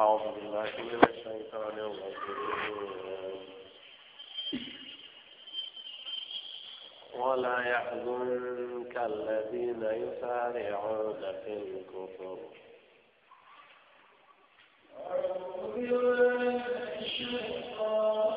أعوذ بالله من الشيطان الرجيم ولا يحزنك الذين يسارعون في الكفر أعوذ بالله من الشيطان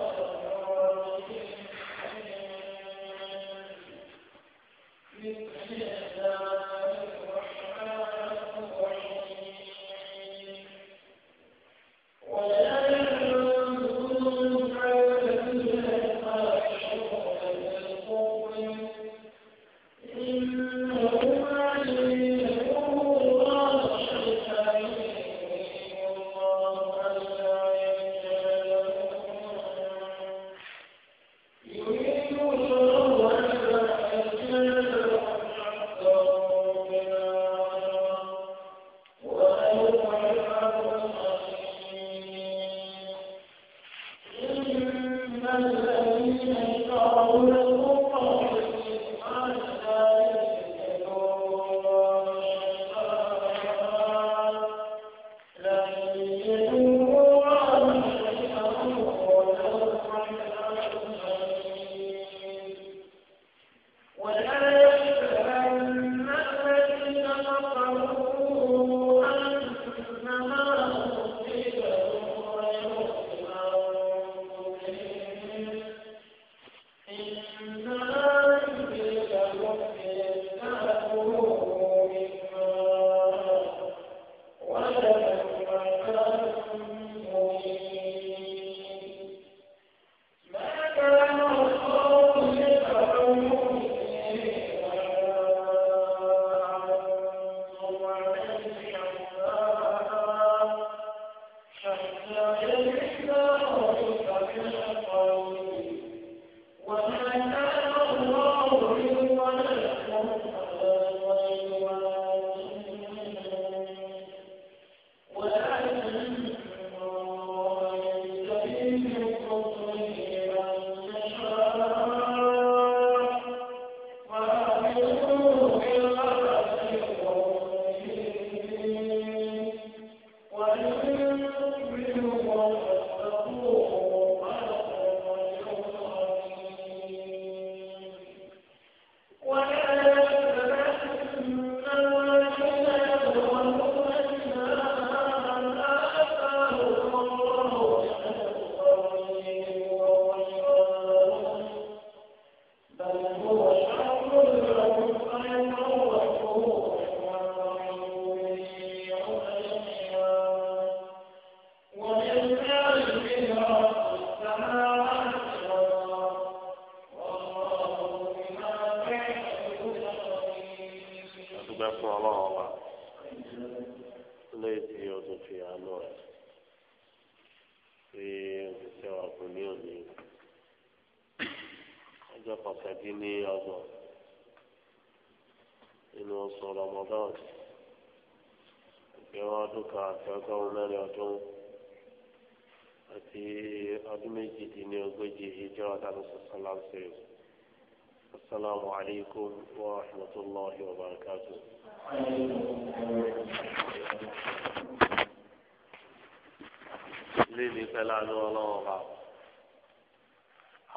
dé lè fẹ́ lánàá ọlọ́wọ́ bá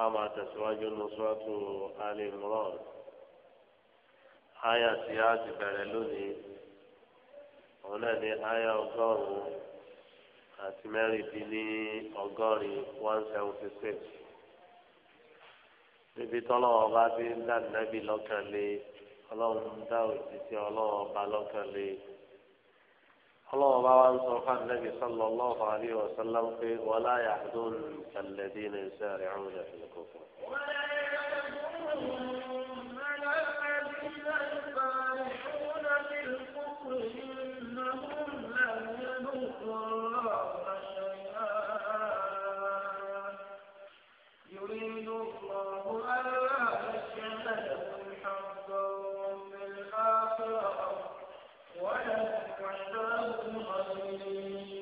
a máa tẹ̀síwájú ní sọ́tù alẹ́ mìíràn aya tí a ti bẹ̀rẹ̀ lónìí òun náà ní aya ọgọ́rùn-ún àti mẹ́rìndínlẹ́ ọgọ́rin one seventy six níbi tọ́lọ́wọ́ bá ti ń dá nàbì lọ́kàn ọlọ́run dá òjijì ọlọ́wọ́ bá lọ́kàn الله بعوان صرخان النبي صلى الله عليه وسلم ولا يحضن الذين يسارعون في الكفر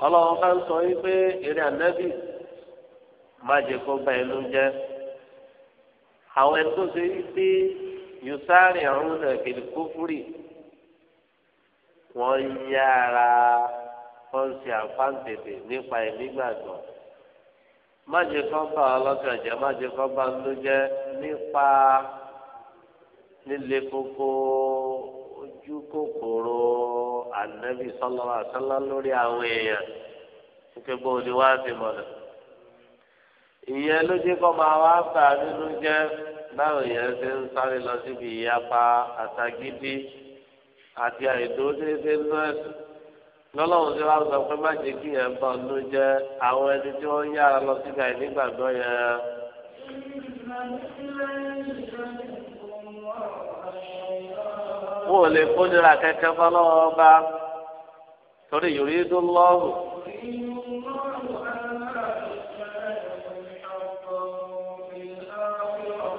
ọlọ́run bá ń sọ yín pé eré ànábì má jẹ kó bá ẹnu jẹ àwọn ẹni tó ṣe yí pé yusari ọ̀run náà kìlì kófúrì wọ́n yára wọ́n ṣe àpáǹtẹ̀tẹ̀ nípa ẹ̀mí gbàgbọ́ má jẹ kó bá ọlọ́kàn jẹ má jẹ kó bá ẹnu jẹ nípa líle kókó ojú kòkòrò ànábì sọlọ́wọ́ àṣálá lórí àwọn èèyàn wípé bó o ní wá sí mọ̀nà. ìyẹn ló jẹ́ kó máa wá bà nínú jẹ́ báwo yẹn ṣe ń sáré lọ síbi ìyapa àtàgídí àti àìdódédé nọ́ọ̀sì lọ́lọ́run tí wàá sọ pé má jẹ́ kí yẹn bọ̀ ló jẹ́ àwọn ẹni tí wọ́n yára lọ síbi àìnígbàgbọ́ yẹn. kó o lè kódìrà kẹ́kẹ́ fọlọ́wọ́ bá torí yorì tó lọ́rù.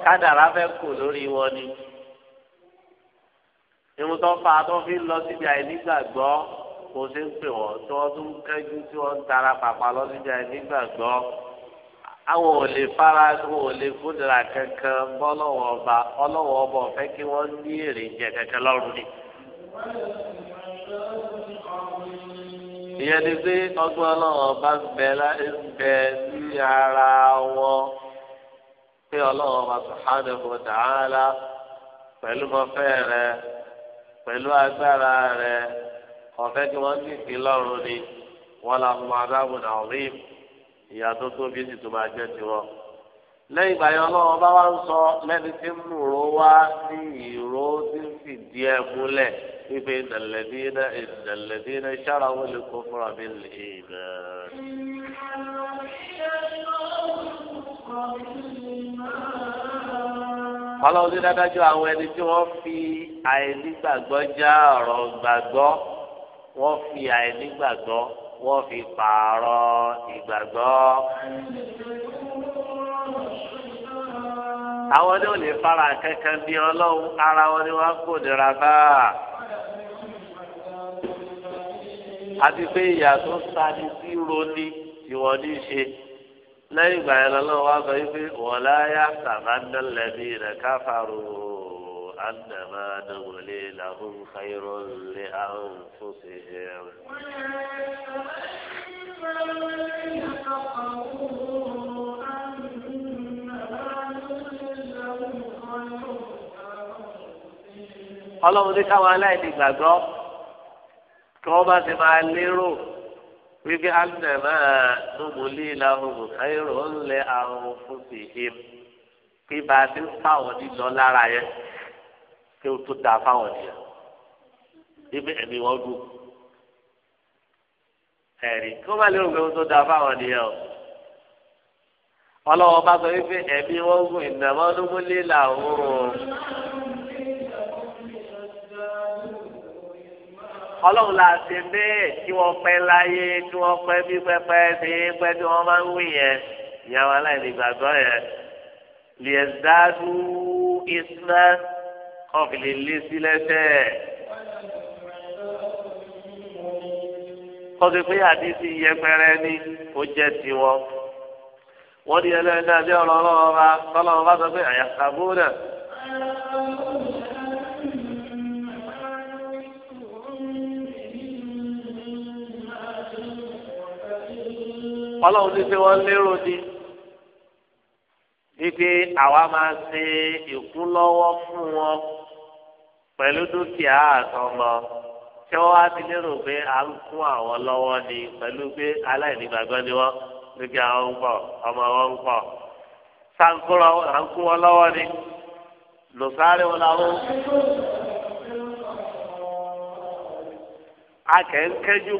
kádàrá fẹ́ kù lórí wọn ni irun tó fa tó fi lọ síbi àìnígbàgbọ́ kò sí ń pè wọ́n tí wọ́n kẹ́jú tí wọ́n ń tara pàpà lọ síbi àìnígbàgbọ́ àwọn ò lè fara àwọn ò lè fúnra kankan bọ́ lọ́wọ́ ọba ọlọ́wọ́ ọba ọ̀fẹ́ kí wọ́n ní èrè jẹ kankan lọ́rùn ni. ìyẹn ni pé ọgbọ́n ọlọ́wọ́ ọba ń bẹ ní ara wọn pé ọlọ́wọ́ ọba subhanahu wa ta'ala pẹ̀lú mọ́fẹ́ rẹ pẹ̀lú agbára rẹ ọ̀fẹ́ kí wọ́n ní ìpínlọ́rùn ni wọ́n làwọn adágún náà rí i ìyá tó tóbi sì tó máa jẹ́ tiwọn. lẹ́yìn ìgbà yẹn ọlọ́run bá wá ń sọ lẹ́ni tí ń múrò wá ní ìró tí ń fìdí ẹ̀ múlẹ̀ wípé ìdàlẹ́dínà ìdàlẹ́dínà sára wọn lè kó fúnra mi lè mẹ́. ọlọ́run ní dájú àwọn ẹni tí wọ́n fi àìnígbàgbọ́ já ọ̀rọ̀ gbàgbọ́ wọ́n fi àìnígbàgbọ́ wọ́n fi pààrọ̀ ìgbàgbọ́. àwọn ní ò lè fara kankan bí ọlọ́run ara wọn ni wọ́n kò nira bá. àti pé ìyà tó sani sí roni tí wọ́n ní ṣe lẹ́yìn ìgbà yẹn lọ́wọ́ wá sọ wípé wọ́n láyà sàmánà lẹ́bí rẹ̀ káfàrò. أنما نولي لهم خير لأنفسهم ọlọ́run ní káwọn aláìní gbàgbọ́ kí wọ́n bá ti máa lérò wípé anamá numuli lahum khairun li anfusihim kí bá a ti ń fáwọn nílọ lára yẹn kí o tó da fáwọn ènìyàn ibi ẹ̀mí wọn dùn ẹ̀rí kí wọ́n bá lérò pé o tó da fáwọn ènìyàn o ọlọ́wọ́ bá sọ wípé ẹ̀mí wọn gùn ìnàmọ́ lógún lílà òun ọlọ́run la ṣe bẹ́ẹ̀ kí wọ́n pẹ́ láyé kí wọ́n pẹ́ bí pẹ́pẹ́ ṣe pẹ́ tí wọ́n máa ń wí yẹn ìyàwó aláìní gbàgbọ́ yẹn lè dádú ìsúná wọn fi lè lé sí lẹ́sẹ̀. kọ́sí pé àdísí yẹpẹrẹ ni ó jẹ́ tiwọn. wọ́n ní ẹlẹ́yìn náà bí ọ̀rọ̀ ọlọ́wọ́ bá tọ́lọ́wọ́ bá sọ pé àyàkàbó náà. ọlọ́run ti fi wọ́n lérò ni wípé àwa máa ṣe ìkúlọ́wọ́ fún wọn. pẹ̀lú dúkìá àtọmọ tí wọ́n á ti lérò àwọn lọ́wọ́ ni pẹ̀lú pé aláìnígbàgbọ́ ni wọ́n dúkìá ń pọ̀ ọmọ wọn ń pọ̀ à ń wọn lọ́wọ́ ni lùsáré wọn làwọn.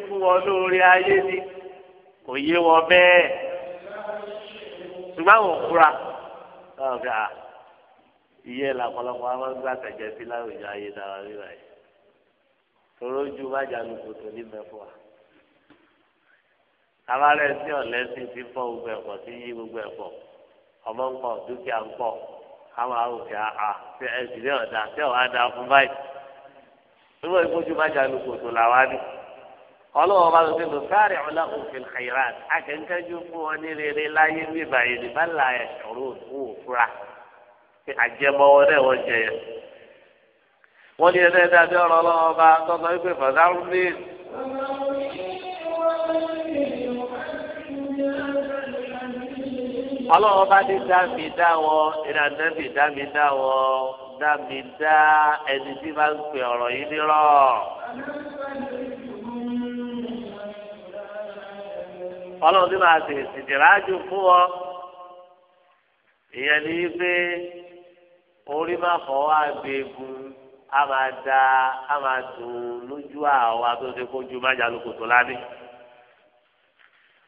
fún wọn lórí ayé ni kò yé wọn iye làpọ̀lọpọ̀ àwọn gbà tẹ̀jẹ̀ sí láwùjọ ayé dára rírà yìí tóró ju ni lu kòtò ní mẹ́fọ́ wa. abalẹ̀ sí ọ̀lẹ́sìn ti fọ́ gbogbo ẹ̀pọ̀ sí yí gbogbo ẹ̀pọ̀ ọmọ ń pọ̀ dúkìá ń pọ̀ àwọn àwòkè àhà ṣe ẹ̀sìn ní ọ̀dà ṣé ọ̀ á da fún báyìí. nígbà tí kójú bájà lu kòtò làwa ni ọlọ́wọ́ bá lọ́sẹ̀ lọ sáré ọ̀la òfin khairat akẹ́kẹ́jú fún wọn ní rere láyé bíbáyé ní bá la ẹ̀ṣọ́rò òfurufú kí àjẹmọ́wọ́ náà wọ́n jẹ yẹn. wọ́n bí ọ̀rọ̀ ọlọ́wọ́ bá tọ́sọ wípé fàdárùmí. ọlọ́wọ́ bá ní dá mi dá wọn ìlànà mi dá mi dá wọn dá mi dá ẹni tí bá ń pè ọ̀rọ̀ yìí nírọ̀. orí máa fọ wá a máa da a máa dùn lójú àwa tó ṣe kójú májà lóko tó ládé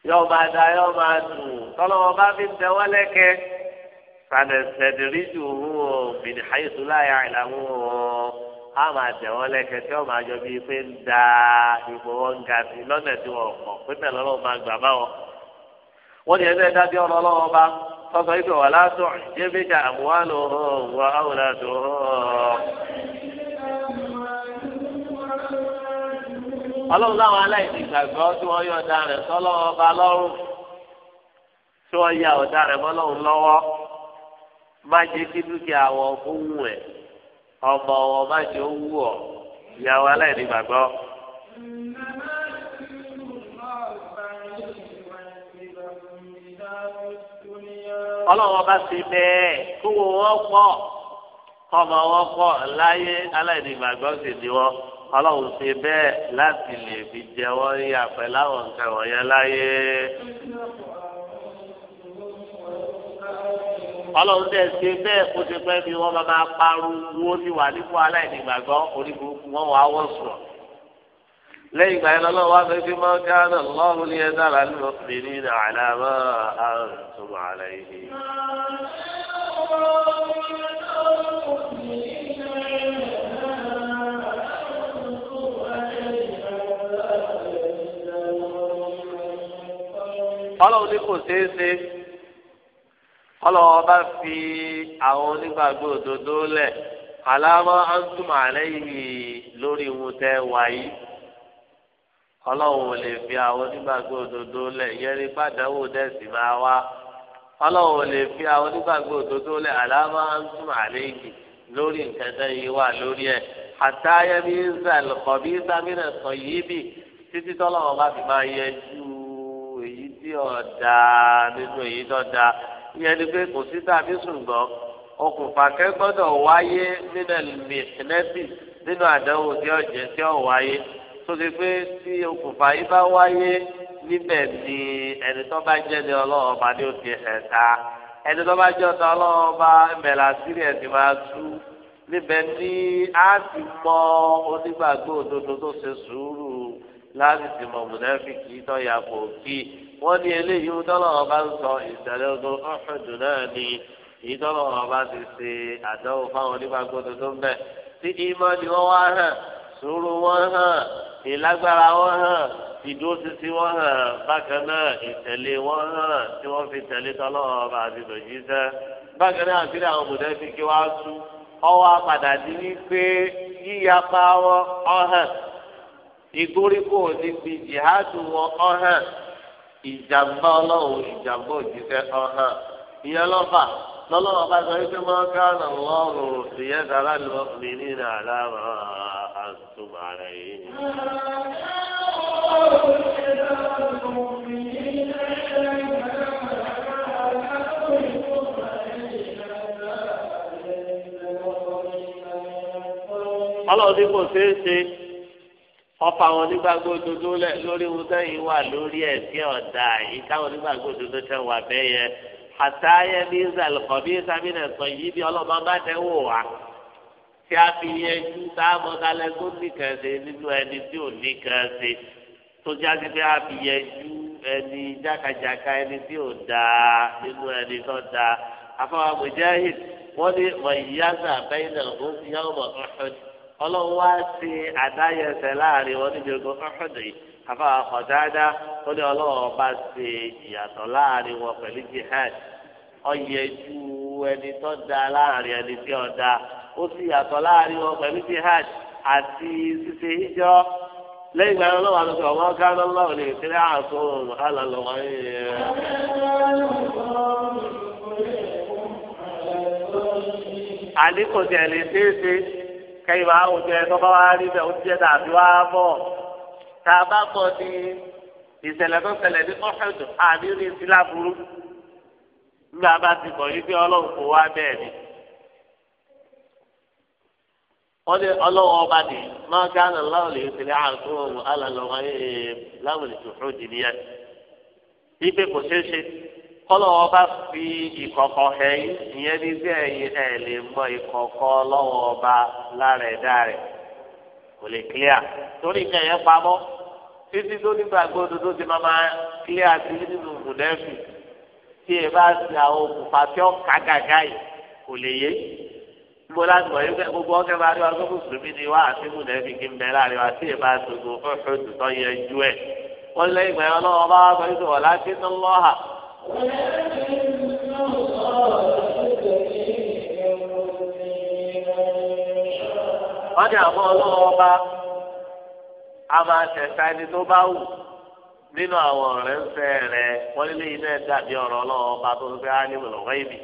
yọ máa da yọ máa dùn tọ́lọ́wọ́ bá fi tẹ́wọ́ lẹ́kẹ́ sanẹsẹdiridu wo bìnnì hayisu láyà ìlànà wo a máa tẹ̀wọ́ lẹ́kẹ́ tí wọ́n máa jọ bíi pé ń da wọn ga tọ́sọ yìí pé wà látọ̀ jẹ́bíjà àmúhánù wà áwùlà tó. ọlọ́run láwọn aláìsí ìgbàgbọ́ tí wọ́n yọ ọ̀dà rẹ̀ sọ́lọ́ ọba lọ́rùn tí wọ́n ya ọ̀dà rẹ̀ mọ́lọ́run lọ́wọ́ má jẹ́ kí dúkìá wọ fún ẹ̀ ọmọ wọn má jẹ́ owó ọ̀ ìyàwó aláìsí ìgbàgbọ́. ọlọ́wọ́ bá ṣe bẹ́ẹ̀ kó wọ́n pọ̀ kọ́mọ wọn pọ̀ láyé aláìnígbàgbọ́ sì ni wọ́n ọlọ́run ṣe bẹ́ẹ̀ láti lè fi jẹ wọ́n rí àpẹ láwọn nǹkan wọ̀nyẹn láyé. ọlọ́run tẹ̀ ṣe bẹ́ẹ̀ kó ti pẹ́ bí wọ́n bá máa parun wo ti wà nípò aláìnígbàgbọ́ oníburúkú wọn wà á sùn lẹ́yìn ìgbà yẹn lọ́wọ́ wá fẹ́ fi máa ń káàdà lọ́wọ́ ní ẹ̀dá àlàlú ọ̀pìnrin ní àlàmọ́ àtúmọ̀ àlàyé. ọlọ́run ní kò ṣeé ṣe ọlọ́run bá fi àwọn onígbàgbọ́ òdodo lẹ̀ àlàmọ́ àtúmọ̀ àlàyé lórí ìwọ̀n wáyé ọlọ́run ò lè fi àwọn onígbàgbọ́ òdodo lẹ̀ yẹrí gbàdánwò dẹ́sì máa wá ọlọ́run ò lè fi àwọn onígbàgbọ́ òdodo lẹ̀ àlámà ń tún àléjì lórí nǹkan tẹ́ yìí wà lórí ẹ̀ àtàyẹ̀mí israẹl kọ̀bí sámínà sọ yìí bì títí tọ́lọ́run bá fi máa yẹjú èyí tí ọ̀dà nínú èyí tó da ìyẹn ni pé kò sí tàbí ṣùgbọ́n okùnfà kẹ́gbọ́dọ̀ wáyé nínú ẹ̀lẹ́mì nínú àdánwò tí ọ̀jẹ̀ tí ọ̀ wáyé tó ti pé tí okùnfà yìí bá wáyé níbẹ̀ ni ẹni tó bá jẹ́ ní ọlọ́run ọba ní òkè ẹ̀ta ẹni tó bá jẹ́ ọ̀tá ọlọ́run ọba mẹ̀lá sírí ẹ̀ ti máa tú níbẹ̀ ni a ti mọ onígbàgbọ́ òdodo tó ṣe sùúrù láti ti mọ mùnẹ́fìkì tó yà kò kí wọ́n ní eléyìí ọlọ́run bá ń sọ ìṣẹ̀lẹ̀ ọdún ọ̀hún náà ni ìtọ́lọ́run ọba ti ṣe àdánwò fáwọn onígbàgbọ́ òdodo ń tí ìmọ̀ ni wọ́n wá hàn sùúrù wọn hàn ìlágbára wọn hàn ìdúróṣinṣin wọn hàn bákan náà ìtẹ̀lé wọn hàn tí wọ́n fi tẹ̀lé tọ́lọ́wọ́ ọba àti tòjíṣẹ́ bákan náà àti àwọn mọ̀lẹ́bí kí wọ́n á tú ọwọ́ apàdà di wípé yíyapa wọn ọ̀hàn ìgbóríkò níbi jihadu wọn ọ̀hàn ìjàmbá ọlọ́run ìjàmbá òjíṣẹ́ ọ̀hàn ìyẹn lọ́fà. lọ́lọ́wọ́ bá sọ wípé máa ká nà lọ́rùn ìyẹn dára lọ mí ní àlàmà àtúmọ̀ rẹ̀ yìí. ọlọ́run kò ṣeé ṣe ọfà àwọn onígbàgbọ́ òdodo lórí ohun tẹ́yìn wà lórí ẹ̀ ọ̀dà yìí káwọn onígbàgbọ́ òdodo tẹ́ wà bẹ́ẹ̀ yẹn. àtàyẹ ní ìsàlùkọ́bí sábìnà sọ yìí bí ọlọ́mọ bá dẹ́wò wá tí a fi yẹjú tá a mọ dalẹ̀ tó nìkan ṣe nínú ẹni tí ò nìkan ṣe tó jáde pé a fi yẹjú ẹni jákàjáká ẹni tí ò dáa nínú ẹni tó dáa afọwọ́ mujahid wọ́n ní mọ̀nyíyáza bẹ́yìnà òsì yọ̀ọ̀mọ̀ ọ̀hún ọlọ́wọ́ á ti àdáyẹsẹ̀ láàrin wọn níbi ogun ọ̀hún yìí afọwọ́ kọ̀dáadáa. ó ní ọba ṣe ìyàtọ̀ láàrin wọn pẹ̀lú jihad ju ẹni tó da láàrin ẹni tí ó da ó sì yàtọ̀ láàrin wọn pẹ̀lú jihad àti ṣíṣe hijọ́ lẹ́yìn ìgbà yẹn lọ́wọ́ ọmọ lọ́wọ́ àdínkù tiẹ̀ lè kẹ́yìn máa ń jẹ wá rí bẹ́ẹ̀ ó jẹ́ a ìṣẹ̀lẹ̀ tó ṣẹlẹ̀ ní ọ̀hẹ́dù àníní ìsílá burú nígbà bá ti bọ̀ yí pé ọlọ́run kò wá bẹ́ẹ̀ ni. wọ́n ní ọlọ́run ọba ní máa ń gánà láwọn lè àtúntò ọ̀hún alàlọ́wọ́ láwọn lè ipe kò ṣeé ṣe fi ìkọ̀kọ̀ ìyẹn ní bí ẹ̀ lè mọ ìkọ̀kọ̀ ọlọ́run ọba lára ẹ̀dá rẹ̀ kò lè kílíà títí tó nígbà gbọdọ̀ tó ti máa máa kílé àti nínú mùnẹ́fì tí ẹ bá ti àwọn òkùnfà tí ó ká gàgà yìí kò lè yé gbogbo láti wọ̀ yíkẹ́ gbogbo ọ̀kẹ́ bá rí wa tó mùsùlùmí ni wá àti mùnẹ́fì kí n bẹ láàrin wa tí ẹ bá gbogbo ọ̀ṣọ́ tuntun yẹn ju ẹ̀ wọ́n lé ìgbà yẹn lọ́wọ́ bá wà pẹ̀lú ìṣòwò láti ń lọ́hà. wọ́n ní àwọn ọlọ́wọ́ bá a máa tẹ̀sà ẹni tó bá wù nínú àwọn ọ̀rẹ́ ń fẹ́ rẹ wọ́n nílé iná ẹ̀ dàbí ọ̀rọ̀ ọlọ́wọ́ ọba tó ń fẹ́ á ní ìwọ̀lọ́wọ́ ìbí.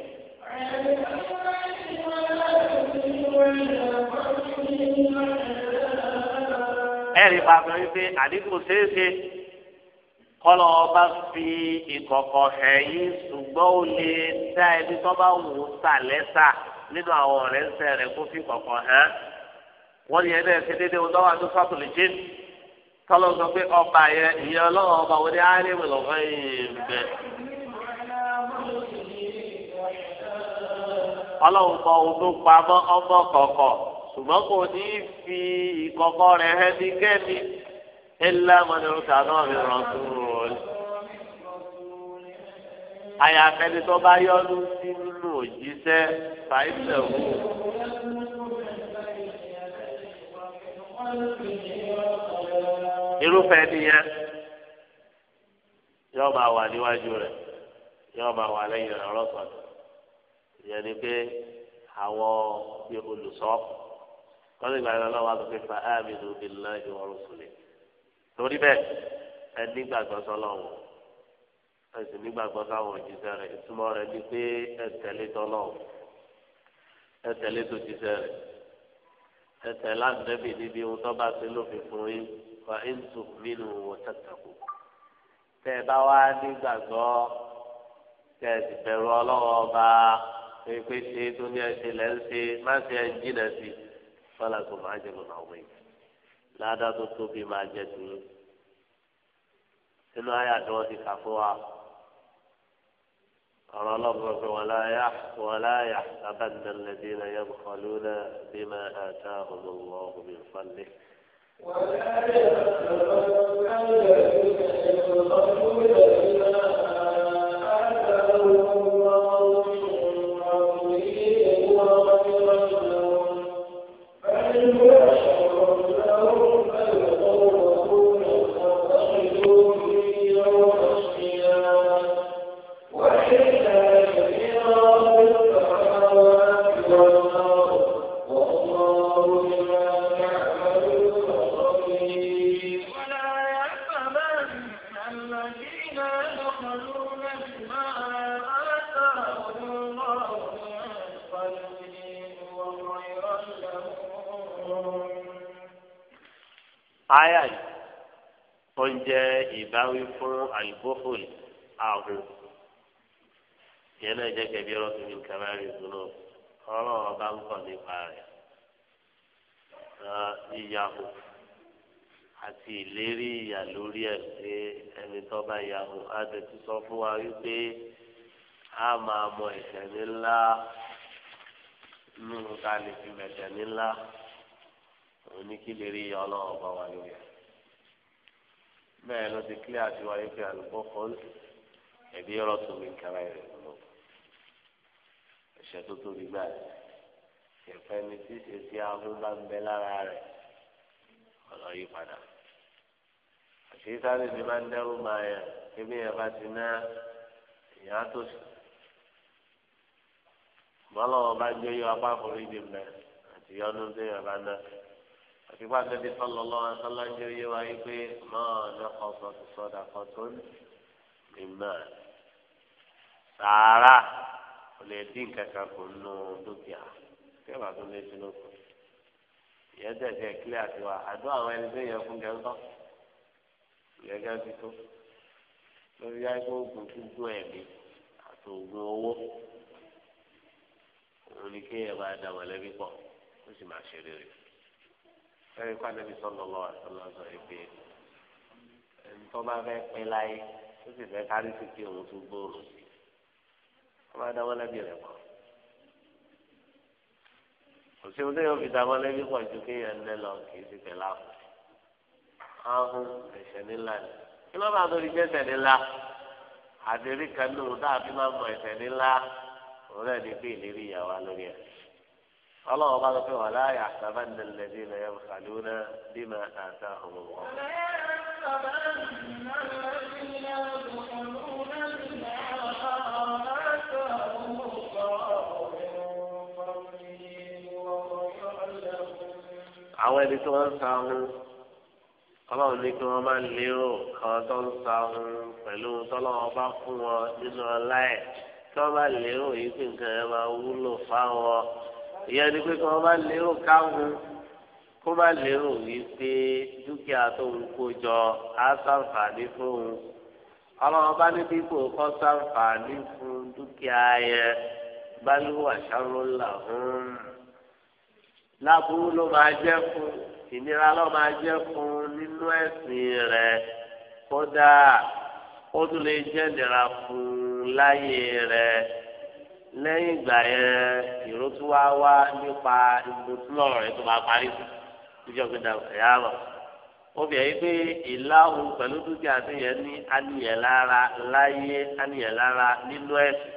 ẹ̀rí pàtó wípé àdínkù ṣeéṣe kọ́lọ́ ọba fi ìkọ̀kọ̀ ẹ̀yìn ṣùgbọ́n ó lè dá ẹni tó bá wù sà lẹ́sà nínú àwọn ọ̀rẹ́ ń rẹ kó fi ìkọ̀kọ̀ hàn wọ́n ní tọ́lọ́ sọ pé ọba yẹn ìyẹn ọlọ́run ọba wọlé áálẹ́mù lọ́wọ́ yìí bẹ̀. ọlọ́run kọ ọdún pamọ́ ọmọ kọ̀ọ̀kọ̀ ṣùgbọ́n kò ní í fi ìkọ̀kọ̀ rẹ̀ hẹ́ ní kẹ́mi ẹ̀lá mọ̀nìrúta náà mi rán tún rọ̀lẹ́. àyàfẹ́ni tó bá yọ́nú sí nínú òjíṣẹ́ fàìsẹ̀ wò. Thank you irúfẹ́ nìyẹn yóò máa wà níwájú rẹ̀ yóò máa wà lẹ́yìn rẹ̀ ọlọ́sọ̀tún ìyẹn ni pé àwọn bíi olùsọ lọ́dún ìgbà yẹn lọ́wọ́ àti pípa áàmìnú bìlá ìwọ̀rùn sùlẹ̀ lórí bẹ́ẹ̀ ẹ nígbàgbọ́ sọlọ́wọ́ ẹ sì nígbàgbọ́ sáwọn òjíṣẹ́ rẹ̀ ìtumọ̀ rẹ̀ ni pé ẹ tẹ̀lé tọ́lọ́wọ́ ẹ tẹ̀lé tó jíṣẹ́ rẹ̀ ẹ tẹ̀lé àdínẹ́bì níbi ohun tó bá ṣe lófin fún yín wà ń tu'minu wa tattaqu tẹ ẹ bá wá nígbàgbọ́ tẹ ẹ sì bẹ̀rù ọlọ́wọ́ ọba pépé ṣe tó ní ẹṣẹ lẹ́ ń ṣe má ṣe ẹ jìnà sí fọlá kò má jẹ lọ́nà ọ̀wé ládàá tó tóbi máa jẹ sí inú ayà tí wọ́n ti kà fún wa ọ̀rọ̀ ọlọ́run pé wọ́n láyà wọ́n láyà sábà nílẹ̀ kọ́ lónà bí máa ta wọn òmìnir ولا wí fún àyùbófòl ààrùn ìyẹn náà jẹ́ kẹ̀bí ọ̀rọ̀ tó fi kẹ̀mẹ́ rí ìdúró ọ̀rọ̀ ọba ń kọ̀ nípa rẹ̀ yíyahù àti ìlérí ìyà lórí ẹ̀ pé ẹni tó bá yahù á tẹ̀tí sọ fún wa wípé a máa mọ ìtẹ̀mí ńlá nínú ká lè fi mẹ̀tẹ̀mí ńlá òun kí lè rí ìyá ọlọ́run bá lórí ẹ̀ bẹ́ẹ̀ ló ti kílẹ̀ àti wáyé pé àlùbọ́kọ́ ẹ̀bí ọ̀rọ̀ tó mi kára rẹ̀ lọ. ẹ̀ṣẹ̀ tó tóbi gbà rẹ̀ kẹfẹ́ ni tí ṣe ti ahó bá ń bẹ lára rẹ̀ ọ̀rọ̀ yí padà. àṣírí sáré ti máa ń dẹ́rù máa yẹ kébí yẹn bá ti ná ìyá tó sì. bọ́lá wọn gbé yọ apá forí di mẹ́ àti yọnu tó yẹ bá ná àfikún àtẹ̀bí sọlọ́lọ́ asọ́lájú yé wa yí pé máa lọ́kọ̀ sọ̀tùsọ̀dà kan tó ń mímọ́ sàárà kò lè dín kankan kò nù dúkìá kẹ́wàá tó lè dín lóko ìyẹn tẹ̀sẹ̀ kílẹ̀ àti wa àdó àwọn ẹni tó yẹ fún gẹ́gọ́ ìyẹn ti tó lórí yá kó oògùn gbogbo ẹ̀mí àti oògùn owó òun ni kéèyàn bá dá mọ̀lẹ́bí pọ̀ ó sì máa ṣe rere ẹ̀rí fún anabi sallallahu alaihi wasallam pé ntọ́ bá fẹ́ pín láyé ó sì fẹ́ kárí sí kí òun tún gbòòrò sí wọ́n bá dáwọ́ lẹ́bi rẹ̀ pọ̀ kò sí ohun tó yọ fi dáwọ́ lẹ́bi pọ̀ ju kéèyàn ń lọ kì í sì fẹ́ láàfù ahun ẹ̀ṣẹ̀ nílá ni kí ló bá torí jẹ́sẹ̀ nílá àdérí kan lóhun tá a fi máa mọ ẹ̀ṣẹ̀ nílá òun náà ní pé ìlérí ìyàwó lórí ẹ̀. الله بعد فيه ولا يحسبن الذين يبخلون بما آتاهم الله àwọn ẹni tí wọ́n ń sa ohun ọlọ́run ní kí wọ́n máa ń lérò kan tó ń sa ohun pẹ̀lú tọ́lọ́wọ́n bá fún wọn nínú ọlá ẹ̀ kí wọ́n máa lérò yìí pé nǹkan ẹ̀ máa wúlò fáwọn ìyẹn ni pé kí wọ́n má lérò káwọn kó má lérò wípé dúkìá tó ń kó jọ á sàǹfààní fún un ọlọ́run bá ní dípò kọ́ sàǹfààní fún dúkìá yẹn balùwà sàrọ́là hàn láburú ló máa jẹ́ fún ìnira ló máa jẹ́ fún nínú ẹ̀sìn rẹ̀ kódà ó tún lè jẹ́ ìnira fún láyé rẹ̀ lẹ́yìn ìgbà yẹn ìró tó wá wá nípa ìgbòsílọ̀rọ̀ rẹ̀ tó máa parí sí níjọ́ gbẹdà ẹ̀yà lọ. obìnrin yìí pé ìlàhùn pẹ̀lú dúkìá tó yẹ ní aniyẹ̀ lára láyé aniyẹ̀ lára nínú ẹ̀sìn.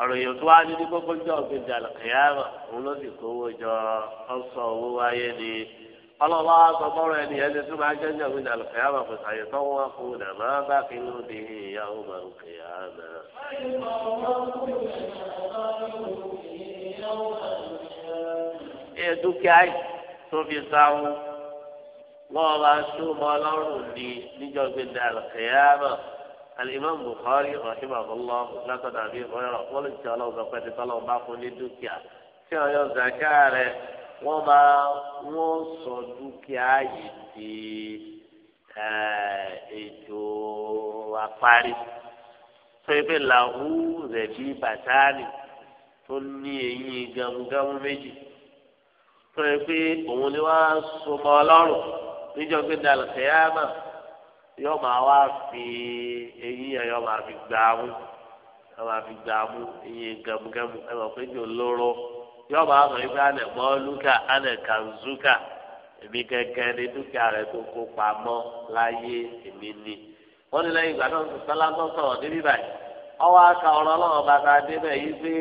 ọ̀rọ̀ èèyàn tó wá ní ní gbogbo níjọ́ gbẹdà ẹ̀yà lọ òun ló sì kówó jọ ọ̀sán owó wáyé ni ọlọ́wọ́ agbọ́gbọ́rọ̀ ẹni ẹni tó máa jẹ́jọ́ mi dàlù kẹ́yà máa fò sàyè tó wọ́n kú nà máa bá kí ló di ìyàwó máa ń kẹ́yà náà. ẹ dúkìá tó fi sáwó wọ́n máa sún mọ́ ọlọ́run ní níjọ́ mi dàlù kẹ́yà náà. الإمام بخاري رحمه الله لا تدع به غيره ولن شاء الله زكاة الله باقي لدوكيا شاء الله زكاة wọ́n máa wọ́n sọ dúkìá yìí di eh, ètò àparí pépé làwù rẹ̀bí bàtàlì tó ní eyín gamugamu méjì tó yẹ pé òun ni wọ́n á so mọ́ ọlọ́run níjọ́ pé dàlùkẹ́yàmà yóò máa wá fi eyín yẹn yóò máa fi gbàmú yóò máa fi gbàmú eyín gamugamu ẹ mọ̀ pé jò lóró. yóò ahụ sọ ife alẹ mọlúkà alẹ kanzuka ebi keke ni dúkìá rẹ tó kó pamọ́ láyé èmi ni wọn ní lẹ́yìn ìgbà náà sọlá tó báyìí aka ọ̀rọ̀ Ọlọ́run ka débẹ̀ yìí pé.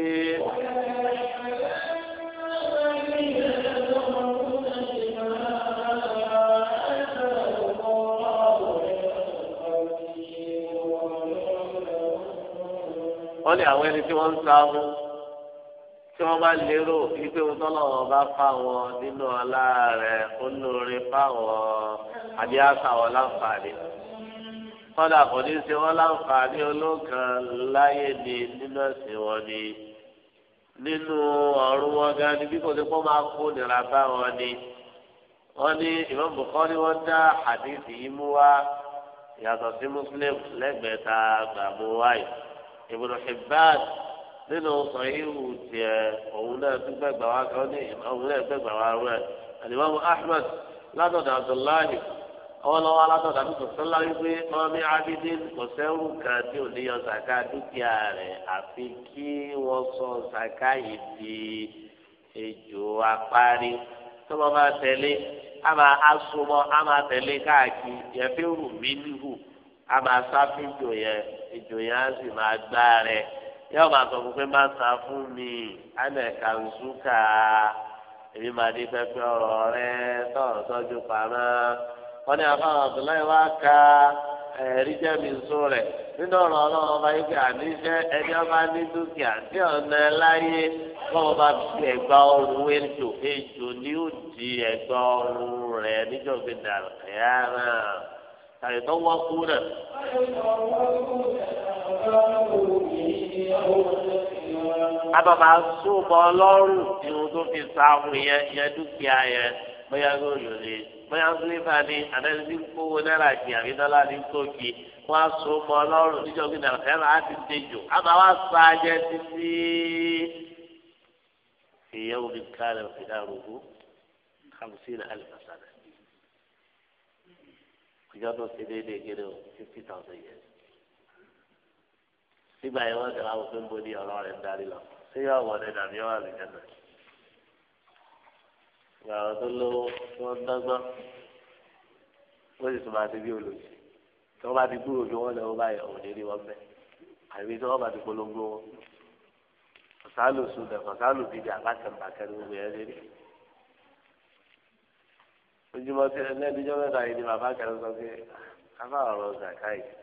wọ́n tí wọn bá lérò wípé wọn tọ́lọ̀ wọn bá fáwọn nínú ọlá rẹ olóore fáwọn àbí àtàwọn láǹfààní kọ́dà kò ní ṣe wọ́n láǹfààní olókan láyé ni nínú ẹ̀sìn wọn ni nínú ọ̀run wọn gan ni bí kò sí pọ́ máa kó nira bá ni wọ́n ní Imam Bukhari wọ́n dá àdìsí yìí mú wá yàtọ̀ sí Muslim lẹ́gbẹ̀ẹ́ta gbàgbó wáyé Ibn Hibban. nínú sọ̀híhù tiẹ̀ òun náà tún gbẹ̀gbà wá kan ní òun náà gbẹ̀gbà wá rẹ̀ ahmed látọ̀dọ̀ abdullahi ọlọ́wọ́ látọ̀dọ̀ àbúkọ̀ sọ́lá wípé ọmọ abidin kò sẹ́wù kan tí ò ní yan dúkìá rẹ̀ àfi kí wọ́n sọ yìí di ejò apárí tó wọ́n máa tẹ̀lé a máa asomọ́ a máa tẹ̀lé káàkiri a máa yóò máa sọ fún pé má sá fún mi àná kàǹsúkà èmi máa di ọ̀rọ̀ rẹ tọ̀rọ̀ sọ́jú pamọ́ wọn afọ àbúláyé wá ka ẹ̀rí jẹ́ mi nsú rẹ̀ nínú ọ̀rọ̀ ọlọ́run ọba yìí a àníṣe ẹni ọba ní dúkìá tí ọ̀nà ẹláyé bá fi ọrùn ó di ọrùn níjọba ìdàrọ̀ wọ́n kú náà. abàbà súnmọ́ ọlọ́run irun tó fi sa àwọn yẹn yẹn dúkìá yẹn bóyá lóyún ni bóyá sílífà ni àtẹ́sí tí ń kówó náírà kì àbí dọ́là ní tókì wọ́n á súnmọ́ ọlọ́run níjọ́ gbé dàrú ẹ̀rọ á ti dejò àbá wa sa jẹ́ títí ìyẹ́wò mi kálẹ̀ òfìdá rògbò kàmùsí ní alifasada ìjọba ṣe déédéé gẹ́gẹ́ o fifty thousand yẹn nígbà yẹn wọ́n ti ra òfin bo ní ọ̀rọ̀ rẹ̀ ń darí lọ ṣé yóò wọ̀ ní dàbí ọ̀rọ̀ àlùjẹ́ náà. ìgbà àwọn tó lówó tí wọ́n dọ́gbọ́n ó sì tún máa ti bí olùsí tí wọ́n bá ti gbúrò bí wọ́n lọ́wọ́ báyìí ọ̀hún ní wọ́n bẹ́ẹ̀ àbí tí wọ́n bá ti polongo wọn. kọ̀sálù sùdẹ̀ kọ̀sálù bìjà bákẹ́mbàkẹ́ ni gbogbo yẹn lé ní. ojúmọ́ tí ẹlẹ́ni jọ́ mẹ́ta yìí ni bàbá kẹrin sọ pé afárọ̀ ọ̀rọ̀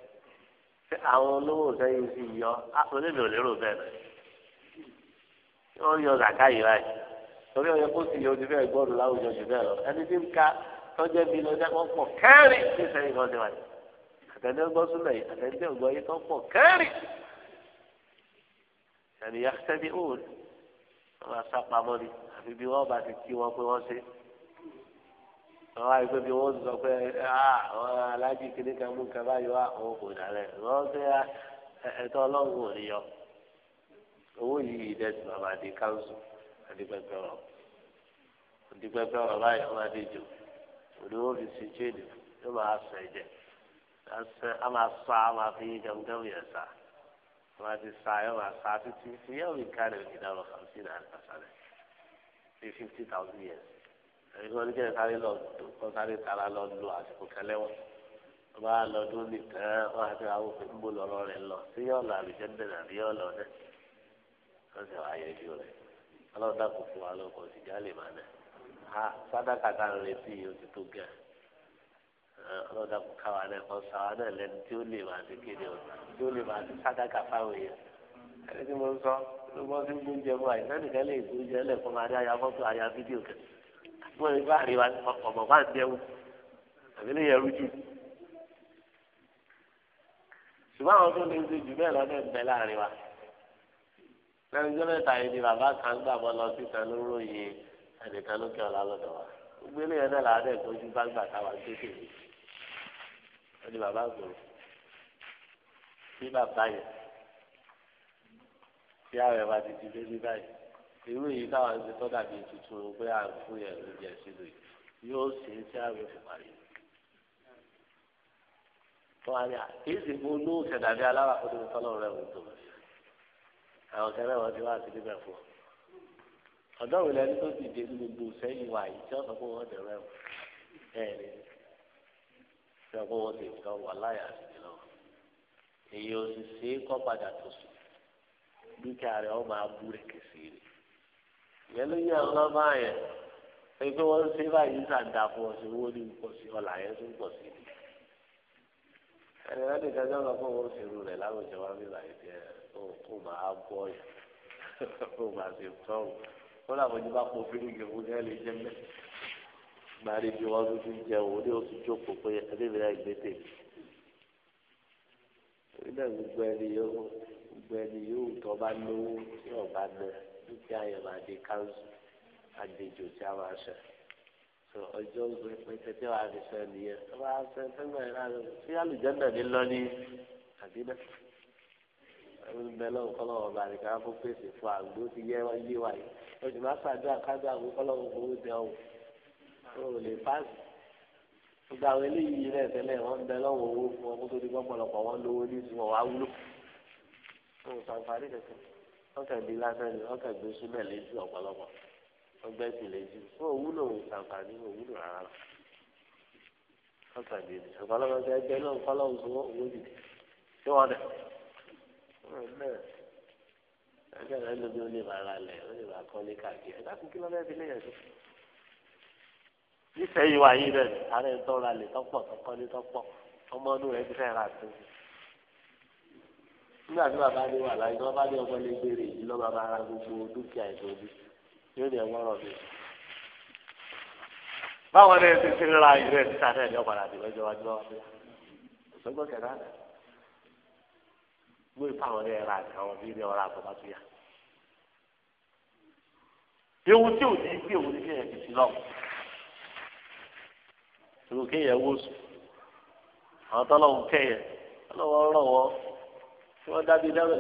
àwọn olówó sẹ́yìn sì yọ ah, onílò lérò bẹ́ẹ̀ wọ́n yọ zaka yìí báyìí torí ọ̀yọ́ kó sì yọ ojú bẹ́ẹ̀ gbọ́dọ̀ láwùjọ jù bẹ́ẹ̀ lọ ẹni tí ń ka tọ́jọ́ bíi lọ́jọ́ kan pọ̀ kẹ́rì ní sẹ́yìn kan ti wáyé àtẹ̀dẹ́ gbọ́ súnlẹ̀ yìí àtẹ̀dẹ́ ògbọ́ yìí kan pọ̀ kẹ́rì ẹ̀mí yàtẹ́bí òòlù wọ́n máa sá pamọ́ ni àfi bí wọ́n bá ti kí wọn pé wọ́n ṣe àwọn àìsàn bí wọ́n sọ pé ah, àwọn aláàjì kan mú nǹkan báyìí àwọn kò dálẹ̀ wọ́n fẹ́ ah, ẹ̀tọ́ ọlọ́run ò ní yọ owó yìí ìdẹ́sí bàbá àdé káńsù àdìpẹ́pẹ́ ọ̀rọ̀ àdìpẹ́pẹ́ ọ̀rọ̀ báyìí wọ́n adé jò olówó fi ṣe chéèdì yóò máa sọ ẹ̀jẹ̀ a máa sọ a máa fi yín yẹn sá a máa ti sá yóò máa sá títí fi yẹ́wò ìkárẹ̀ òkè dáwọ̀ kàmsí náà àti years. ẹni kan ní kí ẹ sáré lọ kọ́ sáré tara lọ lo àsìkò kẹlẹ́wọ̀n wọ́n bá lọ dún nìkan wọ́n á ti ra wọ́n fi ń bó lọ́rọ́ rẹ̀ lọ sí yọ̀ọ̀lọ́ àbíjẹ́ bẹ̀rẹ̀ àbí yọ̀ọ̀lọ́ dẹ́ wọ́n sì wá yẹjú rẹ̀ ọlọ́dà kò fún wa lọ́kọ̀ sì jálè má dẹ́ ha sádàkà tá à ń retí yìí ó ti tó gẹ̀ ọlọ́dà kò káwa náà kọ́ sáwa náà lẹ́nu tí ó lè máa ti kéde o tí ó lè máa ti sádàkà fáwọn èèyàn ẹni tí mo sọ ló bọ́ sí gbóúnjẹ mọ́ àyíká nìkan lè gbóúnjẹ lẹ̀ wọn ní báyìí wa ọmọ bá ń dẹwù àbí lè yẹrù jù ṣùgbọ́n àwọn tó lè ṣe jù bẹ́ẹ̀ lọ́dẹ̀ ń bẹ láàrin wa lẹ́nu jẹ́ mẹ́ta yìí ni bàbá kan gbà bọ́ lọ síta lóró yìí ẹnìkan ló kẹ́ ọ lálọ́dọ̀ wa gbogbo eléyẹn náà làwọn ẹ̀kọ́ ojú bá gbà táwa ń tètè rí wọ́n ní bàbá gbòòrò bí bàbá yẹn tí àwọn ẹ̀ bá ti ti dé ní báyìí irú yìí táwọn ń tó dàbí tuntun pé à ń fún yẹn ló jẹ sílò yìí yóò ṣe é sí àwọn ìfipárí. wọ́n á ní àkéésì fún olóòṣè dàbí alárakọ́tò tọ́lọ́ rẹ̀ wò tó àwọn kẹrẹ́ wọn ti wá sí níbẹ̀ fún ọ. ọ̀dọ́ ìwé lẹni tó ti dé gbogbo sẹ́yìn wà yìí tí wọ́n sọ pé wọ́n dẹ̀ rẹ̀ ẹ̀ ní tí wọ́n pé wọ́n ti tọ́ wà láyà sí lọ. dúkìá rẹ̀ ọ máa bú rẹ̀ kẹsì rẹ̀ ìyẹn ló yẹ ọ̀rọ̀ máa yẹ pé pé ṣe báyìí sàǹdà fún ọ̀sẹ̀ owó ní pọ̀ sí ọ̀là yẹn tó ń pọ̀ sí i. ẹni wọ́n ti lọ fún òun ṣèlú rẹ̀ láwùjọ wa bí báyìí tẹ kó máa bọ́ yẹ kó máa ṣe tọ́rù kó làbọ̀jú bá kó fínú gẹ̀ẹ́gùn ní ẹ̀lẹ́ jẹ́ mẹ́. gbàdé bí wọ́n tún ti jẹ òun ní oṣù jókòó pé ẹlẹ́mìíràn ìgbé tèmi. nígbà gbogbo ẹni yóò gbogbo ẹni yóò tọ́ bá lówó tí ọ̀ dúkìá yẹn máa di káńsù àdìjò tí a máa ṣe tó ọjọ́ ògbé pété tí wàá fi ṣe nìyẹn tó bá ṣe fẹ́gbẹ́ yẹn láti tí àlùjànnà ní lọ ní àdínà ẹni bẹ lọ́wọ́ kọ́lọ́wọ́ bá rẹ̀ ká fún pèsè fún àgbo ti yẹ yé wa yìí o sì máa ṣàdúrà kájọ àgbo kọ́lọ́wọ́ owó tẹ ọ o lè fáàsì gbogbo àwọn eléyìí rẹ̀ tẹ́lẹ̀ wọ́n ń bẹ lọ́wọ́ owó fún ọkọ́ tó di gbọ́pọ̀lọpọ̀ wọn lówó ní ìsúnmọ̀ wá wúlò ọkàn di lásán ni ọkàn gbé sílẹ̀ lójú ọ̀pọ̀lọpọ̀ ọgbẹ́ fún òwúlò ìsàǹfààní òwúlò rárá ọkàn ni ọ̀pọ̀lọpọ̀ ti ẹgbẹ́ náà kọ́ lọ́wọ́ owó dì sí wọn dẹ̀ ẹgbẹ́ rẹ lóbi ó lè bá ara lẹ̀ káàkiri ẹ̀dá kún kí lọ́dẹ́ fi lè yẹn tó. yìí wáyé rẹ̀ àárẹ̀ tọ́ra lè tọ́pọ̀ tọ́kọ́ lé tọ́pọ̀ ọmọ inú rẹ̀ ti fẹ́ ra àtúnṣe nígbà tí bàbá ní wà láyé wọn bá ní ọmọ lè béèrè yìí lọ bàbá ara gbogbo dúkìá ìtòbí yóò dẹ̀ wọ́rọ̀ mi. báwo ni ti ti ra ìrẹ́ títa náà ní ọ̀padà tí wọ́n jọ wájú wọn fún un ṣùgbọ́n kẹ̀dá rẹ̀ gbé fáwọn ní ẹ̀rọ àti àwọn bíi ní ọ̀rọ̀ àtọ́bá tó yà. ewu tí ò ní gbé ewu ní kéèyàn ti ti lọ́wọ́ ìlú kéèyàn wó sùn àwọn tọ́lọ́hún tí wọ́n dábí dáàbò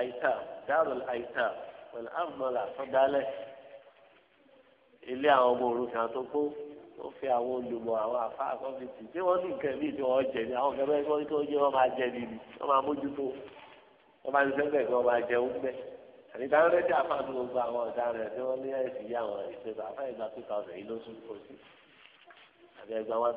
àìtà dáàbò àìtà pẹ̀lú àmọ́là sọ́dálẹ̀ ilé àwọn ọmọ òrukàn tó kó ó fi àwọn olùmọ̀ àwọn àfa àkọ́fìtì tí wọ́n ní nǹkan míì tí wọ́n jẹ ní àwọn kẹfẹ́ tí wọ́n ní kí wọ́n máa jẹ nìyí wọ́n máa mójútó wọ́n máa ń sẹ́gbẹ̀ kí wọ́n máa jẹ ń bẹ́ àníta ń rẹ́jà fáàmì gbogbo àwọn ọ̀dà rẹ̀ tí wọ́n ní ẹ̀sìn yá àwọn ìṣèlú àfáà ìgbà two thousand yìí lóṣù kò sí àbí ẹgbà one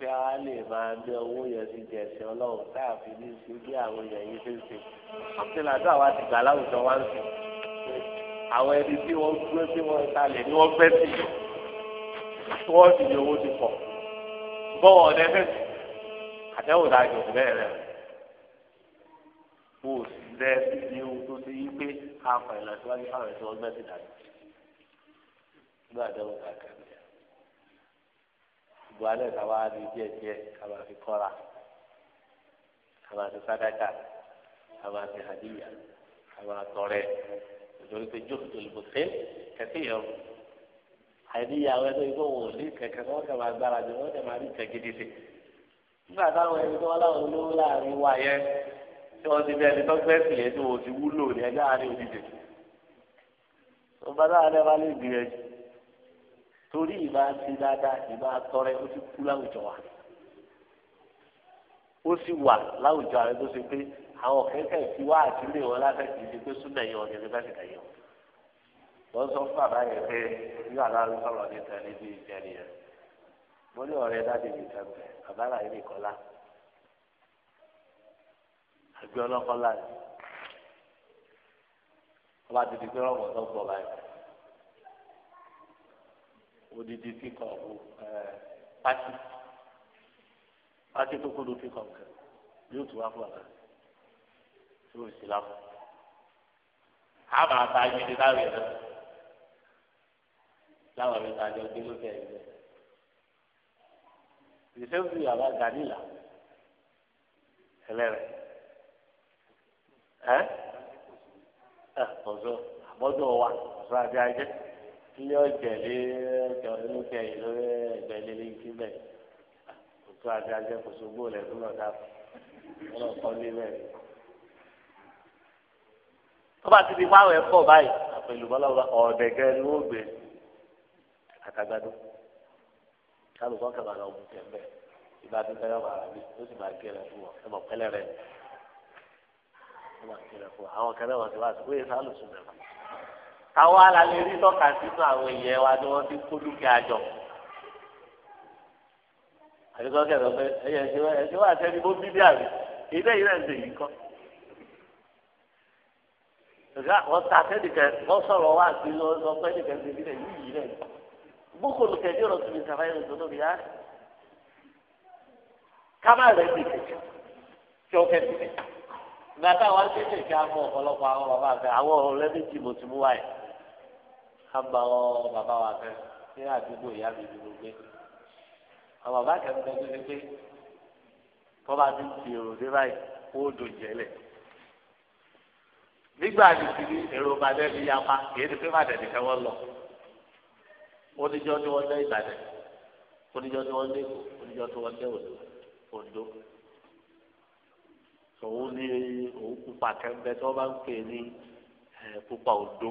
pé a lè máa gbé owó yẹn sí di ẹ̀sìn ọlọ́run tá a fi ní sí bí àwọn èèyàn yìí ṣe ń ṣe ọ̀sẹ̀ làdó àwa ti gbà láwùjọ wá ń sìn àwọn ẹni tí wọ́n gbé tí wọ́n talẹ̀ ni wọ́n fẹ́ sí tí wọ́n sì ní owó ti pọ̀ bọ́wọ́ ọ̀dẹ fẹ́ sí àtẹ̀wò tá a bẹ́ẹ̀ rẹ̀ kò sí bẹ́ẹ̀ sí ní ohun tó ṣe yí pé a fà fáwọn ẹ̀sìn ọgbẹ́ ti dàgbà nígbà àtẹ̀wò gbogbo alẹ́ káwa di díẹ̀ díẹ̀ káwa fi kọ́ra káwa fi sádàkà káwa fi hadiya káwa tọrẹ nítorí pé jókòó tó lè bọ̀ sẹ́ kẹsí yẹn o àìníyà àwọn ẹgbẹ́ ìgbọ́ wọn ò ní kẹ̀kẹ́ wọn kẹ̀ máa gbára jù wọn kẹ̀ máa rí kẹ̀ gidi sí. nígbà táwọn ẹni tó wọn láwọn olówó láàrin wa yẹn tí wọn ti bí ẹni tó fẹ́ sílẹ̀ tí wọn ti wúlò ní ẹjọ́ àárín òdìdè. ọba náà lè má lè gbìyànjú. torí ìbá ti dáadáa ìbá tọrẹ ó ti kú láwùjọ wa ó sì wà láwùjọ ààrẹ tó ṣe pé àwọn kẹ́kẹ́ ti wá wọn láti ṣe pé súnà bá ti wọ́n sọ fún bàbá yẹn pé nígbà tá a sọ̀rọ̀ níta níbi yẹn mo ní ọ̀rẹ́ bẹ̀ bàbá rà àgbẹ̀ ọlọ́kọ́lá ni wọ́n bá ti di pé báyìí. odidi fíkọ̀ pátí pátí tó kúrò fíkọ̀ nǹkan yóò tún wá fún àná yóò sì láfún. àmà ta gidi láwùjọ náà láwọn mi ta jọ gbé lókè ẹgbẹ́. ìṣèǹfì àbá ganila ẹlẹ́rẹ̀ ẹ́ ẹ̀ ọ̀zọ́ àbọ̀dọ̀ wa ọ̀zọ́ adé ajẹ́. ilé ọ̀jẹ̀lé ọ kẹyìn lórí ẹgbẹ̀lé lẹ́yìn bẹ́ẹ̀ òtún àti ajẹ́ kò sógbó rẹ̀ tó lọ́dà ọ̀rọ̀ kọ́ ọ bẹ́ẹ̀. bá ti di fáwọn ẹ̀fọ́ báyìí àpèlú bọ́lá ọ̀ọ́dẹ̀gẹ́ ni wọ́n gbé àtàgbàdo kálukọ́ kẹ̀mà lọ bù tó ó sì máa kéré fún pẹ́lẹ́ rẹ̀ kéré fún àwọn wá sí àwọn alalẹ rí tọ́ka sínú àwọn èèyàn wa ni wọ́n ti kó dúkìá jọ. àdìgbò kẹsàn án ẹyẹ ẹsẹ wà sẹni bó bí bí àrí ilé yìí náà ń sèyí kọ. ìgbà wọn ta sẹ́nìkẹ́ wọ́n sọ̀rọ̀ wá sí lọ sọ pé ẹnìkẹ́ ti bí lẹ́yìn yìí lẹ́yìn. bókò ló kẹ́jọ́ lọ síbi sàfáyé lọ sọ́dọ̀ mi yá. kámá rẹ̀ ti kẹ̀kẹ́ tí ó kẹ́kẹ́ gbàtà wọn kékeré kí a mú ọ̀pọ̀lọpọ̀ àwọn bàbá àgbẹ̀ àwọn ọ̀rẹ́ méjì àgbà ọ bàbá wa fẹ́ ní àdúgbò ìyá mi dúró gbé àwọn bàbá kẹfẹ tó ti gbé tọ́ba ti fi èrò dé báyìí kó o dò jẹ́lẹ̀ nígbà tí ti èrò bàdẹ́ mi yapa kìí ti pé bàdẹ́ nìkan wọ́n lọ oníjọ́ ni wọ́n dé Ìbàdàn oníjọ́ ni wọ́n dé Èkó oníjọ́ tí wọ́n dé Oǹdó Oǹdó òun ni òun pupa kẹfẹ tí wọ́n bá ń pè ní pupa Oǹdó.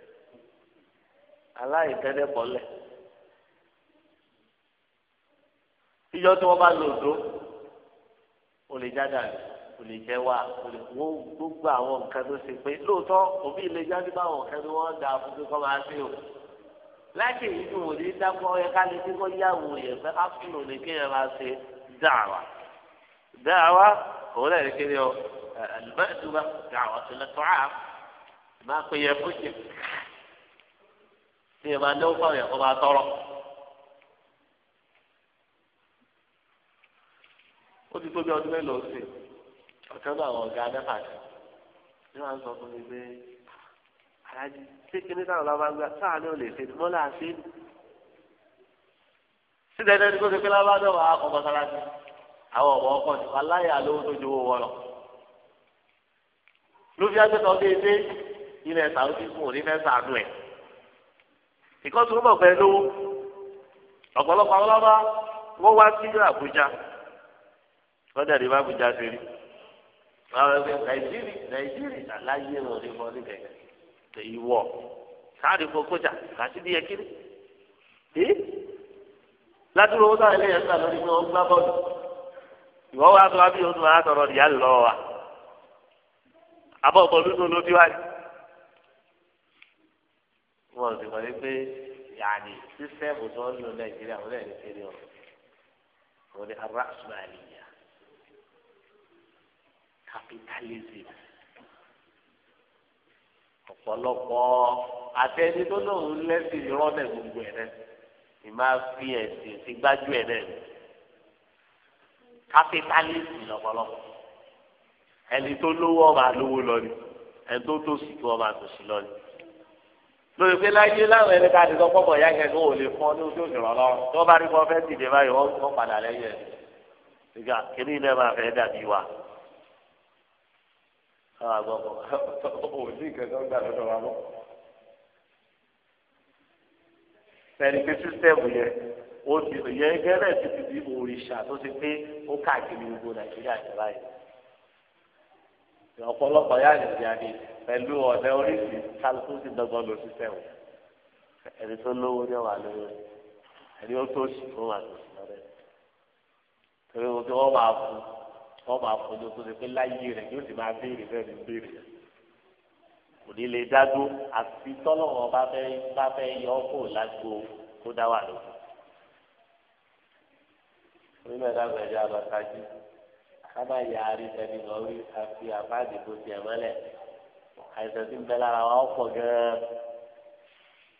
aláìtẹ́lẹ̀ bọ́lẹ̀ tíjọ́ tí wọ́n bá lò dó o lè jáde àná o lè jẹ́ wá o lè wó gbogbo àwọn nǹkan tó ṣe pé lóòótọ́ òbí lè jáde báwọn nǹkan tí wọ́n dà fún kíkọ́ máa ṣe o láti èyí tó wò ní dákọ́ ẹ ká lè kíkọ́ yàwó yẹn fẹ́ áfínà lè kéèyàn máa ṣe dáàwá dáàwá òun náà lè kéde ọ àlùbáàdùbá dáàwá tó lọ tó àá máa pè yẹ fún yẹn tí yẹn máa náwó fáwọn yẹn kó máa tọrọ. ó ti tó bí ọdún mélòó sí ọ̀kan náà àwọn ọ̀gá adáfà sí ni wọ́n sọ fún mi pé alájí ṣé kíní táwọn ọlọ́wọ́ máa ń gbà sáà ní ṣe ni mọ́lá àṣẹ ni. síta ẹni tó ṣe pé lábá náà wà kọ́ mọ́sálásí àwọn ọmọ ọkọ ní aláyà lówó tó jowó wọ́n lọ. lófi àgbẹ̀tọ̀ bíi dé ilẹ̀ sàrúbí fún òní fẹ́ sàánú ẹ̀ ìkọ́sùn ó mọ̀ pẹ́ lówó ọ̀pọ̀lọpọ̀ àwọn ọlọ́ba wọ́n wá sí Àbújá wọ́n dẹ̀ ní bá Àbújá ṣe rí àwọn ẹgbẹ́ Nàìjíríì Nàìjíríì aláyé wọn ní bọ́ ní kẹ̀kẹ́ èyí wọ̀ káàdì kókójà kàti bí ẹkiri ẹ ládùúgbò wọn náà ẹlẹ́yìn ẹ̀ka lórí pé wọ́n gbá bọ́ọ̀lù ìwọ́ wa tó wá bí oṣù àtọ̀rọ̀ ìyá lọ́wọ́ wa àbọ̀ bọ́ọ̀lù tó lóbi wáyé wọn ò sì mọ̀ wípé yàní sísẹ́mù tó ń lò nàìjíríà wọn lẹ́yìn kiri ọ̀ wọn ni arásùmáàlìyà capitalism ọ̀pọ̀lọpọ̀ àtẹni tó lóun lẹ́sìn ìrọ́lẹ̀ gbogbo ẹ̀ rẹ̀ ni máa fi ẹ̀sìn sí gbájú ẹ̀ rẹ̀ capitalism lọ́pọ̀lọpọ̀ ẹni tó lówó ọba lówó lọ ni ẹni tó tó sì tó ọba tó sì lọ ni lórí pé láyé láwọn ẹni ká àdìsọ pọpọ ya kẹkẹ ò lè fún ọ ní ojú òṣèlú ọlọ́run tó bá rí wọn fẹẹ dìde báyìí wọn padà lẹ́yìn ìgbà kínní ilẹ̀ máa fẹ́ dàbí wa. àwọn pé sísẹ́mù yẹn ó ti yẹn gẹ́rẹ́ ti ti di òrìṣà tó ti pé ó káàkiri gbogbo nàìjíríà jẹ́ báyìí. ọ̀pọ̀lọpọ̀ yáà nìyí adé pẹ̀lú ọ̀dẹ oríṣi kálukú sì dọ́gbọ́n lọ sísẹ́ wọn ẹni tó lówó ní ọ̀wà lówó ẹni ó tó sì fún àgbẹ̀ lọ́dẹ torí wọn tí wọ́n máa fún wọ́n máa fún ní oṣù pé láyé rẹ̀ yóò sì máa béèrè bẹ́ẹ̀ ni béèrè kò ní lè dágbó àti tọ́lọ́wọ́ bá fẹ́ bá fẹ́ yọ ọ́ kó lágbo kó dá wà lóko orí mẹ́ta gbẹ̀dẹ̀ àbàtàjì ká má yà rí sẹ́ni lọ rí àfi àbáàdì tó ti ẹ̀ mọ́lẹ̀ àìsàn tí ń bẹ lára wa ọ̀pọ̀ gẹ́gẹ́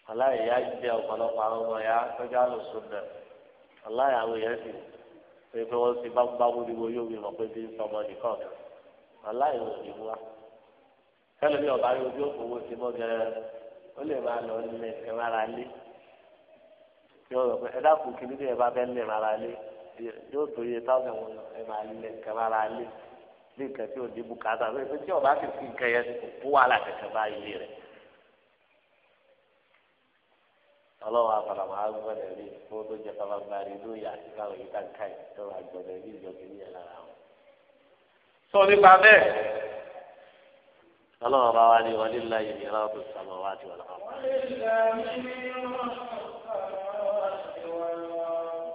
aláì yá jẹ́ ọ̀pọ̀lọpọ̀ àwọn ọmọ ya tọ́jú àlùsùn náà aláì àwọn èèyàn sì pé pé wọ́n ti bá bá wúdiwó yóò mi mọ̀ pé bí sọmọ nìkan aláì wò ní wá kẹ́lẹ́ bí ọba yóò bí òkú owó ti mọ́ gẹ́gẹ́ ó lè máa lọ nílẹ̀ kẹ́ rárá lé kí ọ̀rọ̀ pé ẹ dákun kí níbi ẹ bá fẹ́ lè rárá lé yóò tó iye táwọn ẹ máa lè kẹ́ rárá lé bí nǹkan tí ò di bùkátà lórí pé tí ọba ti fi nǹkan yẹn kò kó wàhálà kẹkẹ bá ilé rẹ ọlọ́wọ́ àfàlàmọ́ agbọ́dọ̀ rí kó tó jẹ ká bá gba rí lóye àti káwọn yìí káńká yìí tó wà gbọ́dọ̀ rí ìjọba ìyẹn lára wọn. sọ nípa bẹ́ẹ̀ ọlọ́wọ́ bá wá ní wọlé ńlá ní aláwọ̀ tó sàmọ̀ wá àti wọlé ọ̀pá.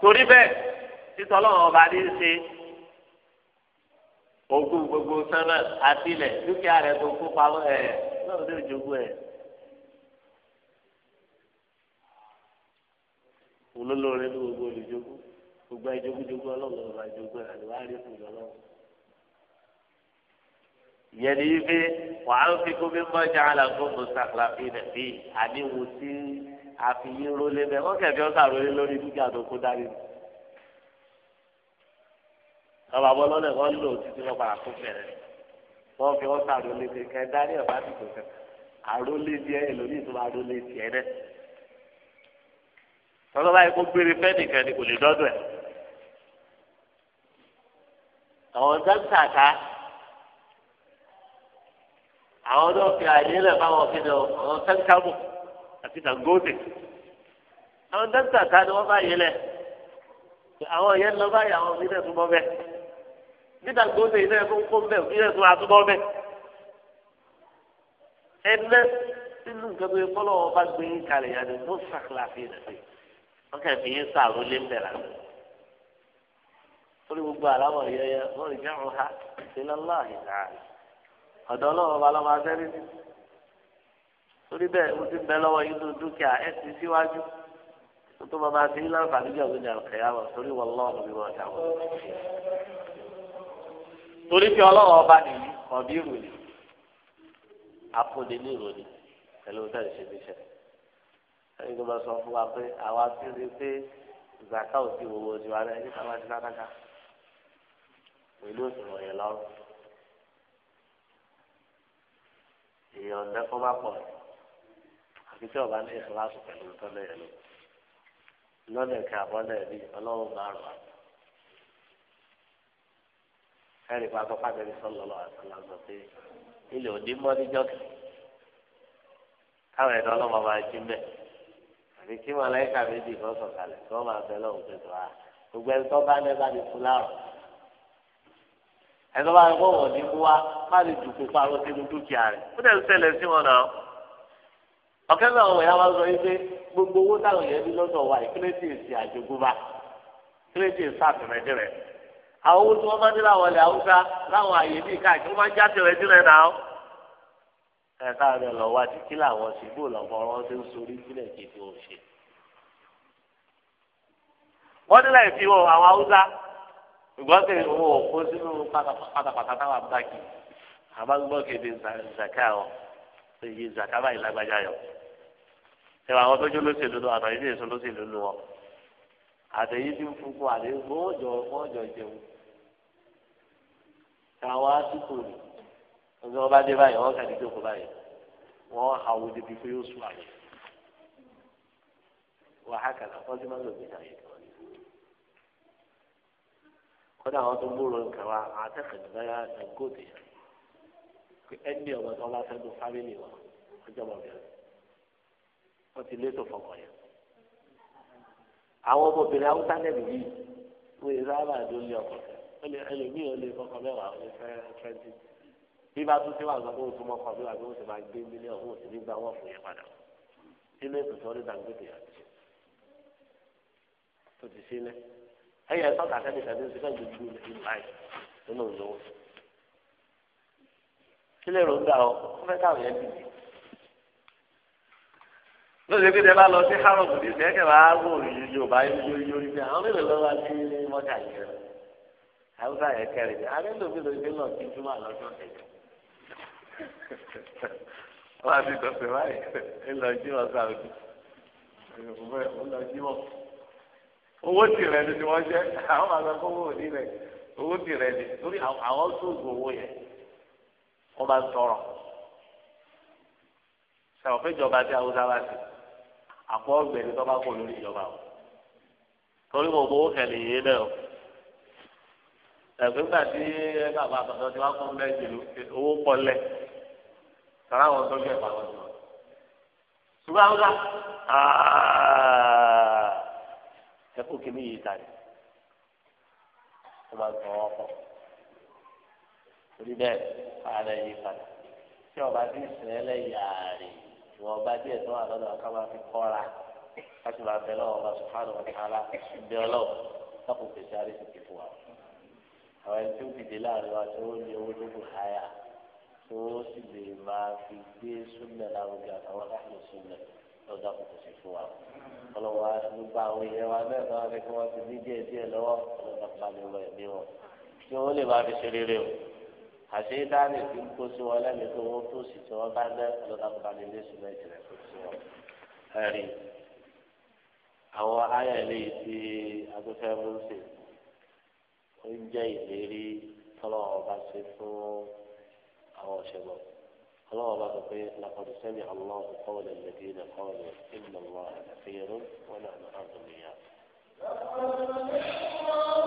torí bẹ́ẹ̀ títọ́ ọlọ́wọ́ ọba ní ṣe ogún gbogbo sẹ́mẹ̀ àtìlẹ̀ dúkìá rẹ̀ tó kó pamọ́ ẹ̀ náà lè jogún ẹ̀. olólórí ní gbogbo olùjogún gbogbo ìjogúnjogún ọlọ́run ọba ìjogún ẹ̀ àdìwá rí fún ìjọlọ́run. ìyẹn ni wípé wàá ń fi kó mímọ́ ìjà àlàfo mùsàkàlàfì rẹ̀ bí àníwò tí àfihàn rólé bẹ́ẹ̀ wọ́n kẹ̀kẹ́ ọ̀sà rólé lórí dúkìá tó kó dání ọba bọ́ lọ́nà wọn lò títí wọn padà kó fẹ̀rẹ̀ wọn fi wọn sàrò lédè kẹ dání ọba ti kò kẹkẹ àrólé díẹ̀ ẹlòmíì tó máa rólé tiẹ̀ dẹ tọ́lọ́ báyìí kó gbére fẹ́ nìkan ni kò lè dọ́dọ̀ ẹ̀ àwọn dókítà ká àwọn dókítà àyẹ̀lẹ̀ fáwọn kíni àwọn sẹ́ńtàbù àti tàǹgóòtì àwọn dókítà ká ni wọ́n bá yẹlẹ̀ àwọn yẹn lọ báyìí àwọn mílẹ̀ tó mọ́ bẹ́ẹ̀ nígbà tó ń sèyí náà tó ń kó mbẹ òbí náà tó máa túbọ̀ mbẹ. ẹnẹ nínú nǹkan tó yẹ kọ́ lọ́wọ́ bá gbé yín kalẹ̀ yàtọ̀ tó sàkàlàfẹ́ nàfẹ́ wọ́n kàn fi yín sàrò lé mbẹ̀ rà. torí gbogbo àlámọ̀ yẹyẹ wọ́n rí jáwọ́ ha ìlàláhì láàrin ọ̀dọ́ ọlọ́wọ́ bá lọ́wọ́ asẹ́rí sí. torí bẹ́ẹ̀ mo ti bẹ lọ́wọ́ yín tó dúkìá ẹ̀ ti síwájú tó tó máa máa ti ní láǹfààní bí ọ̀gbìn torí pé ọlọ́wọ́ ọba nìyí ọ̀bí ìròyìn afọ́dé ní ìròyìn pẹ̀lú ọ̀tá ìṣẹ̀lẹ̀ṣẹ̀ ẹni tó bá sọ fún wa pé àwa ti rí pé zaka ò sí owó oṣù wa rẹ̀ nípa wájú ládàkà pẹ̀lú òṣùwọ̀n yẹn lọ́rùn èèyàn ọ̀dẹ́kọ́ bá pọ̀ àfi tí ọba ní ìṣọ́lá sùn pẹ̀lú ìtọ́lẹ̀ yẹn lọ lọ́dẹ̀ kí abọ́lẹ̀ bí ọlọ́run bá rọ̀ wá ẹnì kan àtọ́kọ́ àtẹ̀lé sọ́lọ́ lọ́wọ́ àtàlà sọ pé ilé òdì mọ́ níjọ́ kìí káwọn ẹ̀dọ́ ọlọ́mọ máa jí mẹ́ àbí kí wọn láyé kàmí dì kọ́ sọ̀kalẹ̀ kí wọ́n máa bẹ lọ́wọ́ pẹ̀lú wa gbogbo ẹni tó bá ní bá ní fún láàrọ̀ ẹni tó bá ní kó wọ́n ní mú wa má lè dùn pípa lọ sínú dúkìá rẹ̀ ó dẹ̀ ń ṣẹlẹ̀ sí wọn náà ọ̀kẹ́ náà wọ̀nyá wá sọ yìí pé gbogbo owó táwọn yẹn ní lọ́sọ̀ wa ìkírẹ́tì èsì àjogúnbá ìkírẹ́tì èsì àwọn owó tí wọ́n bá dé láwọn ilẹ̀ haúsá láwọn àyè bíi káàkiri wọ́n máa ń já tẹ̀wé sílẹ̀ náà. ẹ káàárọ̀ lọ wá ti làwọn ṣe bó lọ́mọ wọn ṣe ń sorí sílẹ̀ kí ni wọ́n ṣe. wọ́n ní láì fi àwọn haúsá ìgbọ́n tẹ̀ owó òkú sínú pátápátá táwọn abúlákì àbágbọ́ kéde zaka ọ èyí zaka báyìí lágbájá yọ. ẹ wà àwọn tó jó lóṣèlú lọ àtàyè tí èso lóṣèlú lọ àtẹ̀yí tí ń fún kó àdéhùn ó jọ ó jọ jẹun káwa dúkò rè ọjọ́ ọba dé báyìí wọ́n kàdé jókòó báyìí wọ́n àwọn débi pé ó sùn àyè wàhákàlà wọ́n ti máa ń lò nígbà yẹn kan ní. kódà àwọn tó ń gbòòrò nǹkan wa àtẹ̀kẹ̀dẹ̀ báyà ẹ̀gọ́dì pé ẹni ọ̀gbọ́n tó bá fẹ́ lu fámìlì wa ọjọ́ ọmọbìnrin wọ́n ti lé tó fọkàn yẹn. àwọn ọmọbìnrin haúsá nẹ́ẹ̀dì yìí wọ́n yẹ sábà dó lé ọkọ̀ tẹ̀ ó lè ẹlòmíì ó lè mọ́kàn mẹ́wàá ó lè twenty bí bá tún ti wà lọ bóun tún mọ́kàn mẹ́wàá bóun sì máa gbé mílíọ̀nù bóun sì ní gbà fún yẹn padà nínú ètò tó ní dàgbèdè tó ti sílẹ̀ ẹ̀yẹ sọ́kà kẹ́kẹ́ tó ti fẹ́ gbogbo ìlú báyìí nínú ìlówó sílẹ̀ ló ń gbà káwọn yẹn dìde lóde bí dẹ́gbà lọ sí harold ní sẹ́kẹ̀ wá wò yóò bá yóò yóò rí bí àwọn mélòó lọ́wọ́ sí mọ́tà àwùjọ yẹn kẹrin ní alẹ́ lómi ló lọ sí júmọ́ àlọ́jọ́ kẹjọ. wọ́n á fi tọ̀sẹ̀ báyìí ẹ lọ jí wọn sáà owó tìrẹ ni wọ́n jẹ́ àwọn àgbàkọ́wọ́ òní rẹ̀ owó tìrẹ ni torí àwọn tó owó yẹn wọ́n bá ń tọrọ. sọ̀rọ̀ ìjọba tí àwùjọ bá ti àpò ọ̀gbẹ́ni tó bá kó lórí ìjọba o torí mo bó kẹlẹ̀ yé náà ẹgbẹgbà tí bàbá àtọ̀tọ̀ tí wọ́n kún bẹ́ẹ̀ jùlọ owó pọ̀lẹ̀ sara wọn tó gbẹ̀fà wọn jù. ṣùgbọ́n àwọn ọ̀gá ẹ kó kí ni yìí ta ni ó máa ń tọ́ ọ pọ̀ torí bẹ́ẹ̀ ara ẹ̀ yí padà tí ọba tí ìsìnlẹ̀ yàrá ìwọ̀n ọba díẹ̀ tó wà lọ́dọ̀ ọ̀ká máa fi kọ́ra láti máa bẹ lọ́wọ́ ọba sùpárù ọ̀tá alá bí ọlọ́wọ́ lọ́kùnkùn sí àrísìkì fún wa àwọn ẹni tí ó dìde láàrin wa tí ó ní owó tó kù háyà tí ó sì lè máa fi gbé súnlẹ̀ lárugẹ àtàwọn láàrin súnlẹ̀ lọ́dọ̀ àkókò sí fún wa. ọlọ́wọ́ gbogbo àwọn èèyàn wa náà náà fi kí wọ́n ti ní díẹ̀ díẹ̀ lọ́wọ́ ọlọ́dọ̀ pàmì wọ ẹ̀mí wọn kí wọ́n lè máa fi ṣe rere o. àṣé dáàbì fi ń kó sí wọn lẹ́nu tó wọ́n tó sì tí wọ́n bá ná ọlọ́dọ̀ pàmì lé sí wọn. ẹ̀rí àwọn ayẹyẹ این جای لیری حالا آبادی تو آشوب حالا لطفا لطفا سمع الله قول الذين قالوا إن الله كثير ونحن أغنياء لقد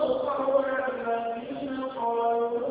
سمع الله قول الذين قالوا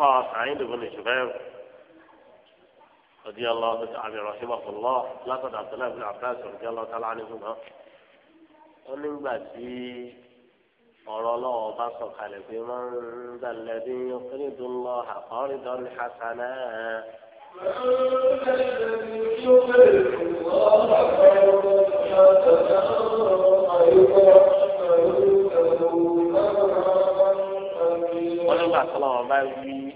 رفع سعيد بن جبير رضي الله تعالى رحمه الله لا عبد الله بن عباس رضي الله تعالى عنهما ومن بعد قال الله بس قال في من ذا الذي يقرض الله قرضا حسنا ولما صلى الله عليه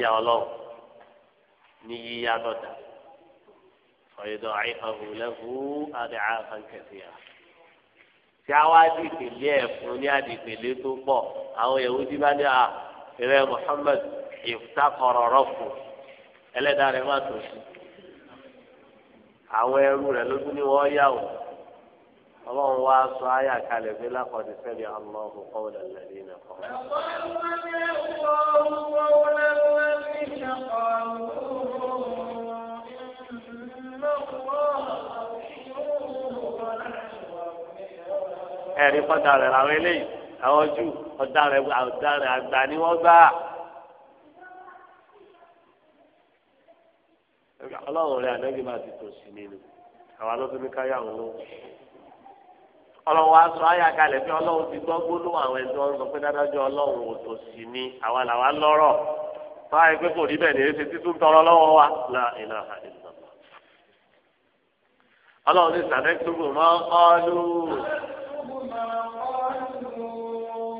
yá ọlọ ní yíyá tọ́ta ọ̀yẹ́dọ̀ àìfàwù lẹ́hu àdìhà fankẹ̀síyà. tí a wá di ìpèlè ẹ̀ fún ní àdìpèlè tó pọ̀ àwọn yahudi bá ní à ìrẹ́ Muhammad ìfúsàkọ̀rọ̀ rọ́pù ẹlẹ́dàá rẹ̀ má tó sí. àwọn ẹrú yà wò wá sọ ẹ̀rí kọ́ta rẹ̀ làwọn eléyìí àwọn jù ọ̀daràn ọ̀daràn àgbà ni wọ́n gbà. ọlọ́run rẹ̀ ànágbé máa ti tò sí mi ni àwa ló fi mí káyà wọn ọlọ́run wa sọ ayé ọlọ́run ti gbọ́ gbólóhùn àwọn ẹ̀dọ́ ọlọ́run ò tò sí àwa làwa lọ́rọ̀. báyìí pé kò rí bẹ́ẹ̀ ní èsì títún tọrọ lọ́wọ́ wa la ilaha illallah. ọlọ́run ní sàdẹ́kùtùbù máa ń kọ́lù.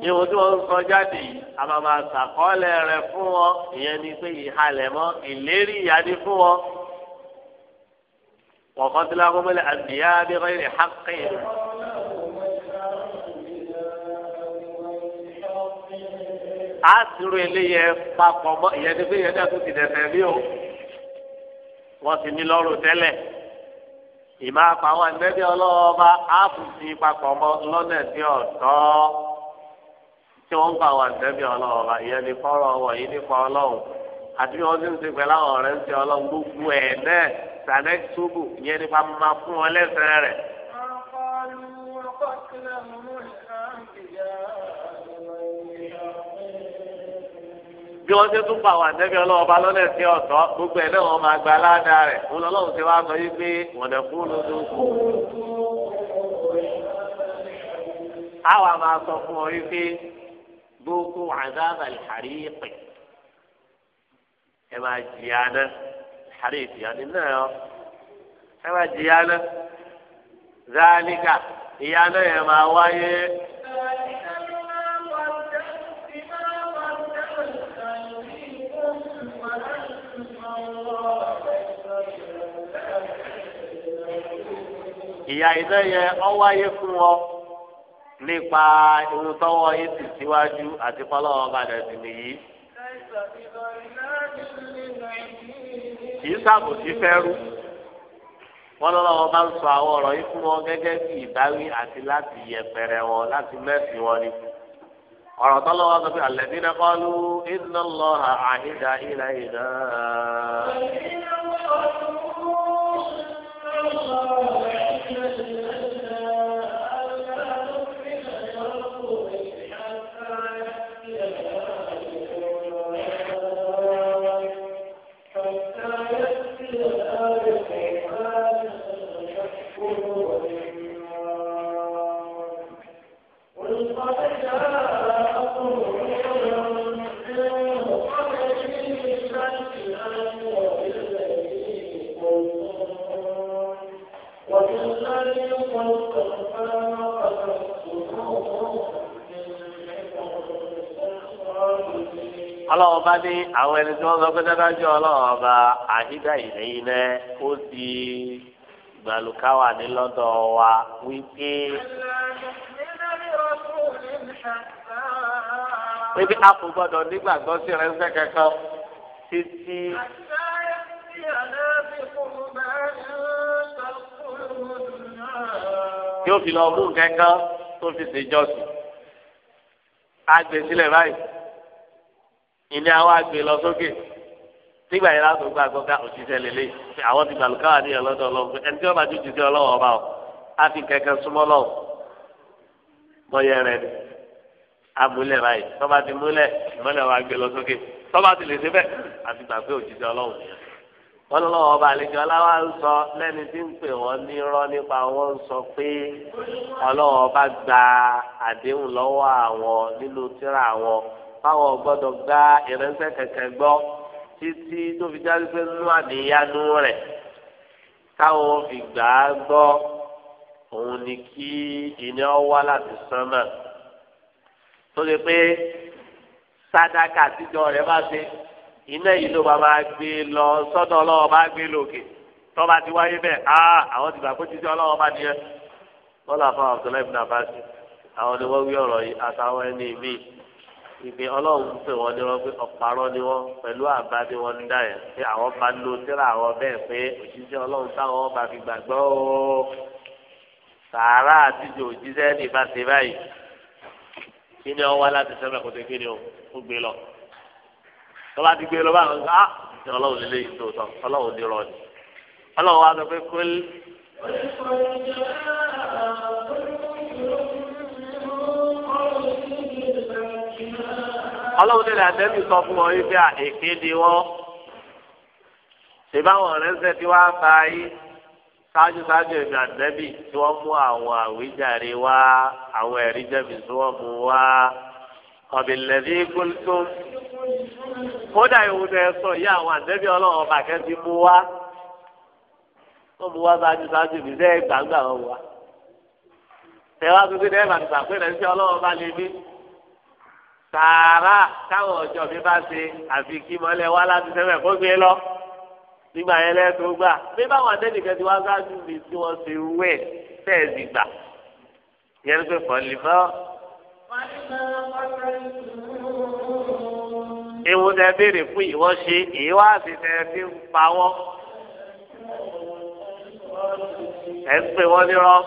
ìwọ̀n tí wọ́n ń sọ jáde yìí a máa máa sàkọ́lẹ̀ rẹ̀ fún wọn ìyẹn ni pé ìhalẹ̀ mọ́ ìlérí ìyáde fún wọn. wọ́n kọ́ sí àbíyá bí wọ́n yẹ á dúró eléyẹ papọ̀ mọ́ ìyẹn ní pé ìyẹn náà tó ti dẹ̀sẹ̀ rí o wọ́n ti ní lọ́rùn tẹ́lẹ̀ ìmọ̀ àpàwọn ẹ̀mẹ́bí ọlọ́ọba á fún sí papọ̀ mọ́ lọ́nà tí ọ̀tọ́ tí wọ́n ń pa àwọn ẹ̀mẹ́bí ọlọ́ọba ìyẹn ní fọ́rọ̀ wọ̀nyí nípa ọlọ́run àti bí wọ́n ti ń ṣe pẹ̀lú àwọn ọ̀rẹ́ ń ṣe ọlọ́run gbogbo ẹ̀ náà sàlẹ̀ bí wọ́n ṣe tún pa àwọn àtẹ́bí ọlọ́wọ́ bá lọ́lẹ̀ sí ọ̀tọ̀ gbogbo ẹ̀ náà wọ́n máa gba aláàdá rẹ̀ fún lọ́lọ́run ti wá sọ yí pé wọ̀dẹ̀ fún lóṣù. àwa máa sọ fún ọ yí pé gbogbo àdáàbà ìhàrí pẹ̀ ẹ máa jìyà náà ìhàrí ìtìyàní náà ẹ máa jìyà náà záálíkà ìyá náà ẹ máa wáyé. ìyá iná yẹn fún ọ nípa ohun yìí síwájú àti fọlọ́wọ́ padà sí nìyí. kìí sàbòsí fẹ́rú wọn bá ń sọ àwọn ọ̀rọ̀ yìí fún wọn gẹ́gẹ́ bí ìbáwí àti láti yẹpẹrẹ wọn láti mẹ́sìn wọn ni. ọ̀rọ̀ tọ́lọ́wọ́ sọ pé ọlọ́wọ́ bá ní àwọn ẹni tí wọ́n sọ pé dájú ọlọ́wọ́ bá àhídà ìlẹ́yìn náà ó di gbàlùkáwà ní lọ́dọ̀ wa wípé. wípé a kò gbọdọ̀ nígbàgbọ́ sí rẹ́ńsẹ́ kankan títí. tí ó fi lọ mú kankan tó fi ṣèjọ́sìn. a gbèsílẹ̀ báyìí ìní àwọn àgbè lọ sókè nígbà yẹn láti gba àgbọ̀gá òṣìṣẹ́ lélẹ̀ àwọn ti gbàlùkà wà níyàn lọ́dọ̀ ọlọ́run ẹni tí wọ́n bá ti jùṣẹ́ ọlọ́wọ́ ọba o á fi kẹ̀kẹ́ súnmọ́ lọ́wọ́ bọ́yẹ rẹ ni amúlẹ̀ báyìí tọ́ba ti múlẹ̀ ìmọ̀lẹ̀ wa gbé lọ sókè tọ́ba ti lè débẹ̀ àti gbà pé òṣìṣẹ́ ọlọ́run nìyẹn wọ́n lọ́ lọ́wọ́ ọba àlejò aláwa ń sọ lẹ́ni tí ń pè wọ́n ní irọ́ nípa wọ́n ń sọ pé ọlọ́wọ́ ọba gba àdéhùn lọ́wọ́ àwọn nínú tíra àwọn fáwọn ọgbọ́dọ̀ gba ìrẹsẹ̀ kẹ̀kẹ́ gbọ́ títí tó fi jáde pé nínú àníyanu rẹ̀ táwọn fi gbà á gbọ́ òun ni kí iná wá láti sánmà tó lè pé sádàkà àtijọ́ rẹ̀ bá ṣe iná yìí ló bá máa gbé lọ sọ́dọ̀ ọlọ́wọ́ bá gbé lòkè tọ́ba ti wáyé bẹ́ẹ̀ á ah, àwọn ti gbà pé títí ọlọ́wọ́ bá nìyẹn bọ́lá fún Abdullahi ibn Abbas àwọn ni wọ́n wí ọ̀rọ̀ yìí àtàwọn ẹni míì ìpè ọlọ́run pè wọ́n ní wọ́n pé ọ̀parọ́ ni wọ́n pẹ̀lú àbá ni wọ́n ń dá yẹn pé àwọn bá ń lo tíra àwọn bẹ́ẹ̀ pé òṣìṣẹ́ ọlọ́run táwọn bá fi gbàgbọ́ o sàárà àtijọ́ òjíṣẹ́ ní ìbáṣe báyìí kí ni wọ́n wá láti sẹ́mẹ̀ kó tẹ́ kí ni o ó gbé lọ tọ́ba ti gbé lọ báwọn ká ní ah, ọlọ́run lè léyìí tó tán ọlọ́run ní rọ ni ọlọ́run wá sọ pé kólé. ọlọ́run lè làdẹ́bí sọ fún wọn wípé èké ni wọ́n ìbáwọn ọ̀rẹ́sẹ̀ tí wọ́n á bá yí ṣáájú ṣáájú èmi àdẹ́bí tí wọ́n mú àwọn àwíjàre wá àwọn ẹ̀rí jẹ́bi tí wọ́n mú wá ọ̀bìnlẹ̀dí kúlùtù kódà ìwù tẹ sọ yí àwọn àdẹ́bí ọlọ́run ọba kẹ́sì mú wá wọ́n mú wá ṣáájú ṣáájú ìbí sẹ́yìn gbàgbà wọn wá tẹ̀wá tuntun ní ẹ̀ tààrà káwọn ọjọ́ mi bá ṣe àfi kí mọ́lẹ̀ wá láti sẹ́fẹ̀ kó gbé lọ nígbà yẹn lẹ́tọ́ gbà bí báwọn adẹ́nìkan ti wá sáájú mi tí wọ́n ṣe wẹ̀ tẹ́ẹ̀sì gbà yẹn ló pé fọ̀lìfọ́. ewu tẹ béèrè fún ìwọ ṣe èyí wá sí tẹ fi pa wọn ẹ ń pè wọn ní rọ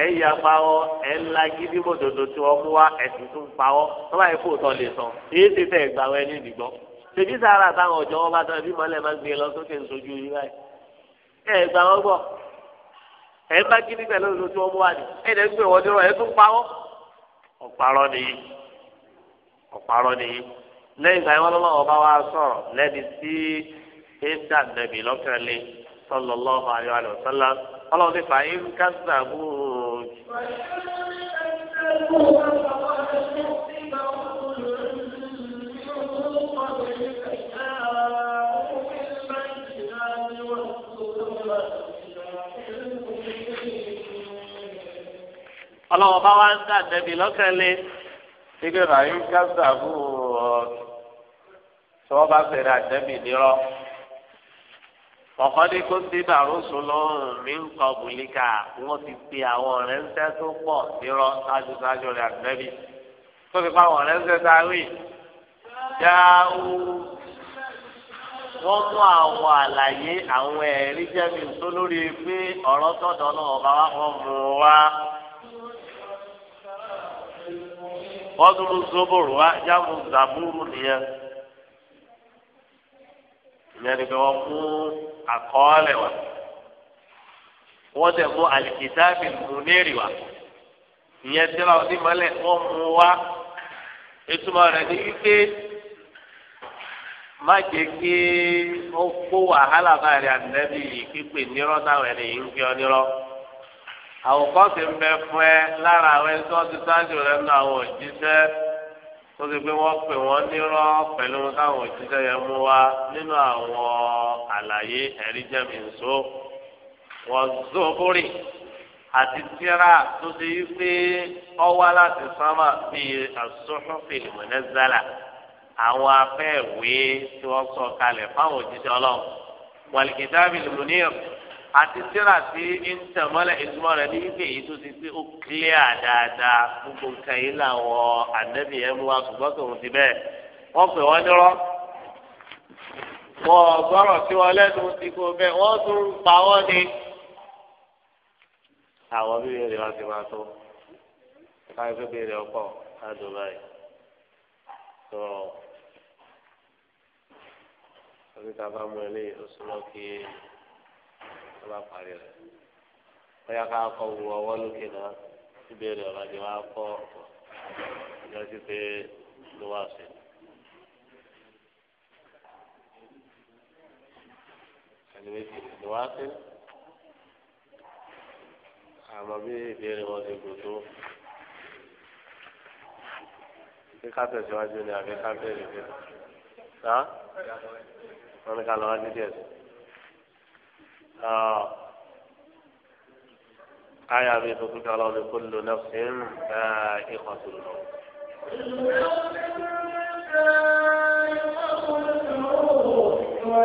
ẹ̀ ń ya pawọ́ ẹ̀ ń la gidi mòdòdó tí wọ́n mú wá ẹ̀sìn tún pawọ́ tó bá yẹ kó tọ́ lè sọ èyí ti fẹ́ gbà wọ́n ẹni nìgbọ́. ṣèbí sàrà táwọn ọ̀jọ́ wọn bá tọ́ ẹbí mọ́lẹ̀ máa ń gbé lọ sókè ń sojú yín báyìí. ẹ gbà wọ́n gbọ́ ẹ bá gidi pẹ̀lú òdòdó tí wọ́n mú wá ni ẹ dẹ̀ ń gbé wọ́n dúró ẹ tún pawọ́. ọ̀parọ́ nìyí ọ̀parọ́ nìyí lẹ́yìn ìgbà yẹn wọ́n lọ́wọ́ bá wá sọ̀rọ̀ lẹ́ni tí ẹ̀dá nàbì lọ́kàn lé sọ́lọ́lọ́ọ̀ ọlọ́run ti fà á ń kásìtà bú lójú. ọlọ́wọ́ bá wá ń dà nẹ́bí lọ́kẹ́lẹ́ ṣígbẹ́ bàyí ń ká sàbù ọ̀ tí bá fẹ́rẹ̀ àtẹ́bí nírọ́ ọ̀kọ́dé kó ti bàrú sọlọ́ mi ń kọ́ bùlíkà wọ́n ti pe àwọn ọ̀rẹ́ ńsẹ́ tó pọ̀ nírọ̀ ṣáájú ṣáájú rẹ̀ àgbẹ̀bí tó fi pa àwọn ọ̀rẹ́ ńsẹ́ sáré yáwó wọ́n mú àwọn àlàyé àwọn ẹ̀rí jẹ́mi tó lórí pé ọ̀rọ̀ tọ̀dọ̀ náà bá wà wọ́n mú wa. wọ́n tún mú zobòrò wa jáàmù zàbúrú nìyẹn ìyẹn ni pé wọ́n mú àkọọ́lẹ̀ wa wọ́n tẹ̀ mú àlìkìtàbí múnírì wa ìyẹn tí wọ́n ti mọ́lẹ̀ wọ́n mú wa ìtumọ̀ rẹ̀ ni wípé má jẹ́ kí ó kó wàhálà bá rẹ̀ ànẹ́bí kíkpé nírọ́ táwọn ẹni yìí ń gbé ọ nírọ́ àwòkọ́ ń bẹ fún ẹ lára àwọn ẹni tí wọ́n ti sáájú rẹ̀ nínú àwọn òjíṣẹ́ tó ti pé wọ́n pè wọ́n nírọ́ pẹ̀lú táwọn òṣìṣẹ́ yẹn mú wá nínú àwọn àlàyé ẹ̀rí jẹ́mi nsó wọ́n zóbórì àti tíra tó ti yí pé ọwá láti sánmà bíi asọ́fọ́fì mọ̀nẹ́zálà àwọn afẹ́ ìwé tí wọ́n sọ kalẹ̀ fáwọn òṣìṣẹ́ ọlọ́run wàlìkìtàbí lùmùníyàn àti tíra sí ìtẹ̀mọ́lẹ̀ ìtumọ̀ rẹ̀ ní ibi èyí tó ti pé ó kílíà dáadáa gbogbo nǹkan yìí làwọn ànẹ́bí yẹn mú wa ṣùgbọ́n tòun ti bẹ́ẹ̀ wọ́n pè wọ́n nírọ́ wọ́n gbọ́rọ̀ sí wọn lẹ́nu ti kó bẹ́ẹ̀ wọ́n tún pa wọ́n ni. àwọn bíbí rẹ̀ ti máa tó káyọ̀ bíbí ọkọ̀ ládùn báyìí tó oríta bá mú eléyìí ó súnmọ́ kí tó bá parí rẹ̀ bóyá ká kọ́ wu ọwọ́ lókè náà síbèrè ọ̀rọ̀ ni wàá kọ́ ìjọ sí pé ló wà sí. ẹni méjì ló wá sí àmọ́ bí ìbéèrè wọn ti gùn tó kí ká tẹ̀síwájú ni àbí ká bẹ̀rẹ̀ bẹ̀rẹ̀ ná wọn ni ká lọ wá díẹ̀ sí آية أبي تطلق على لكل نفس ذائقة الموت وإنما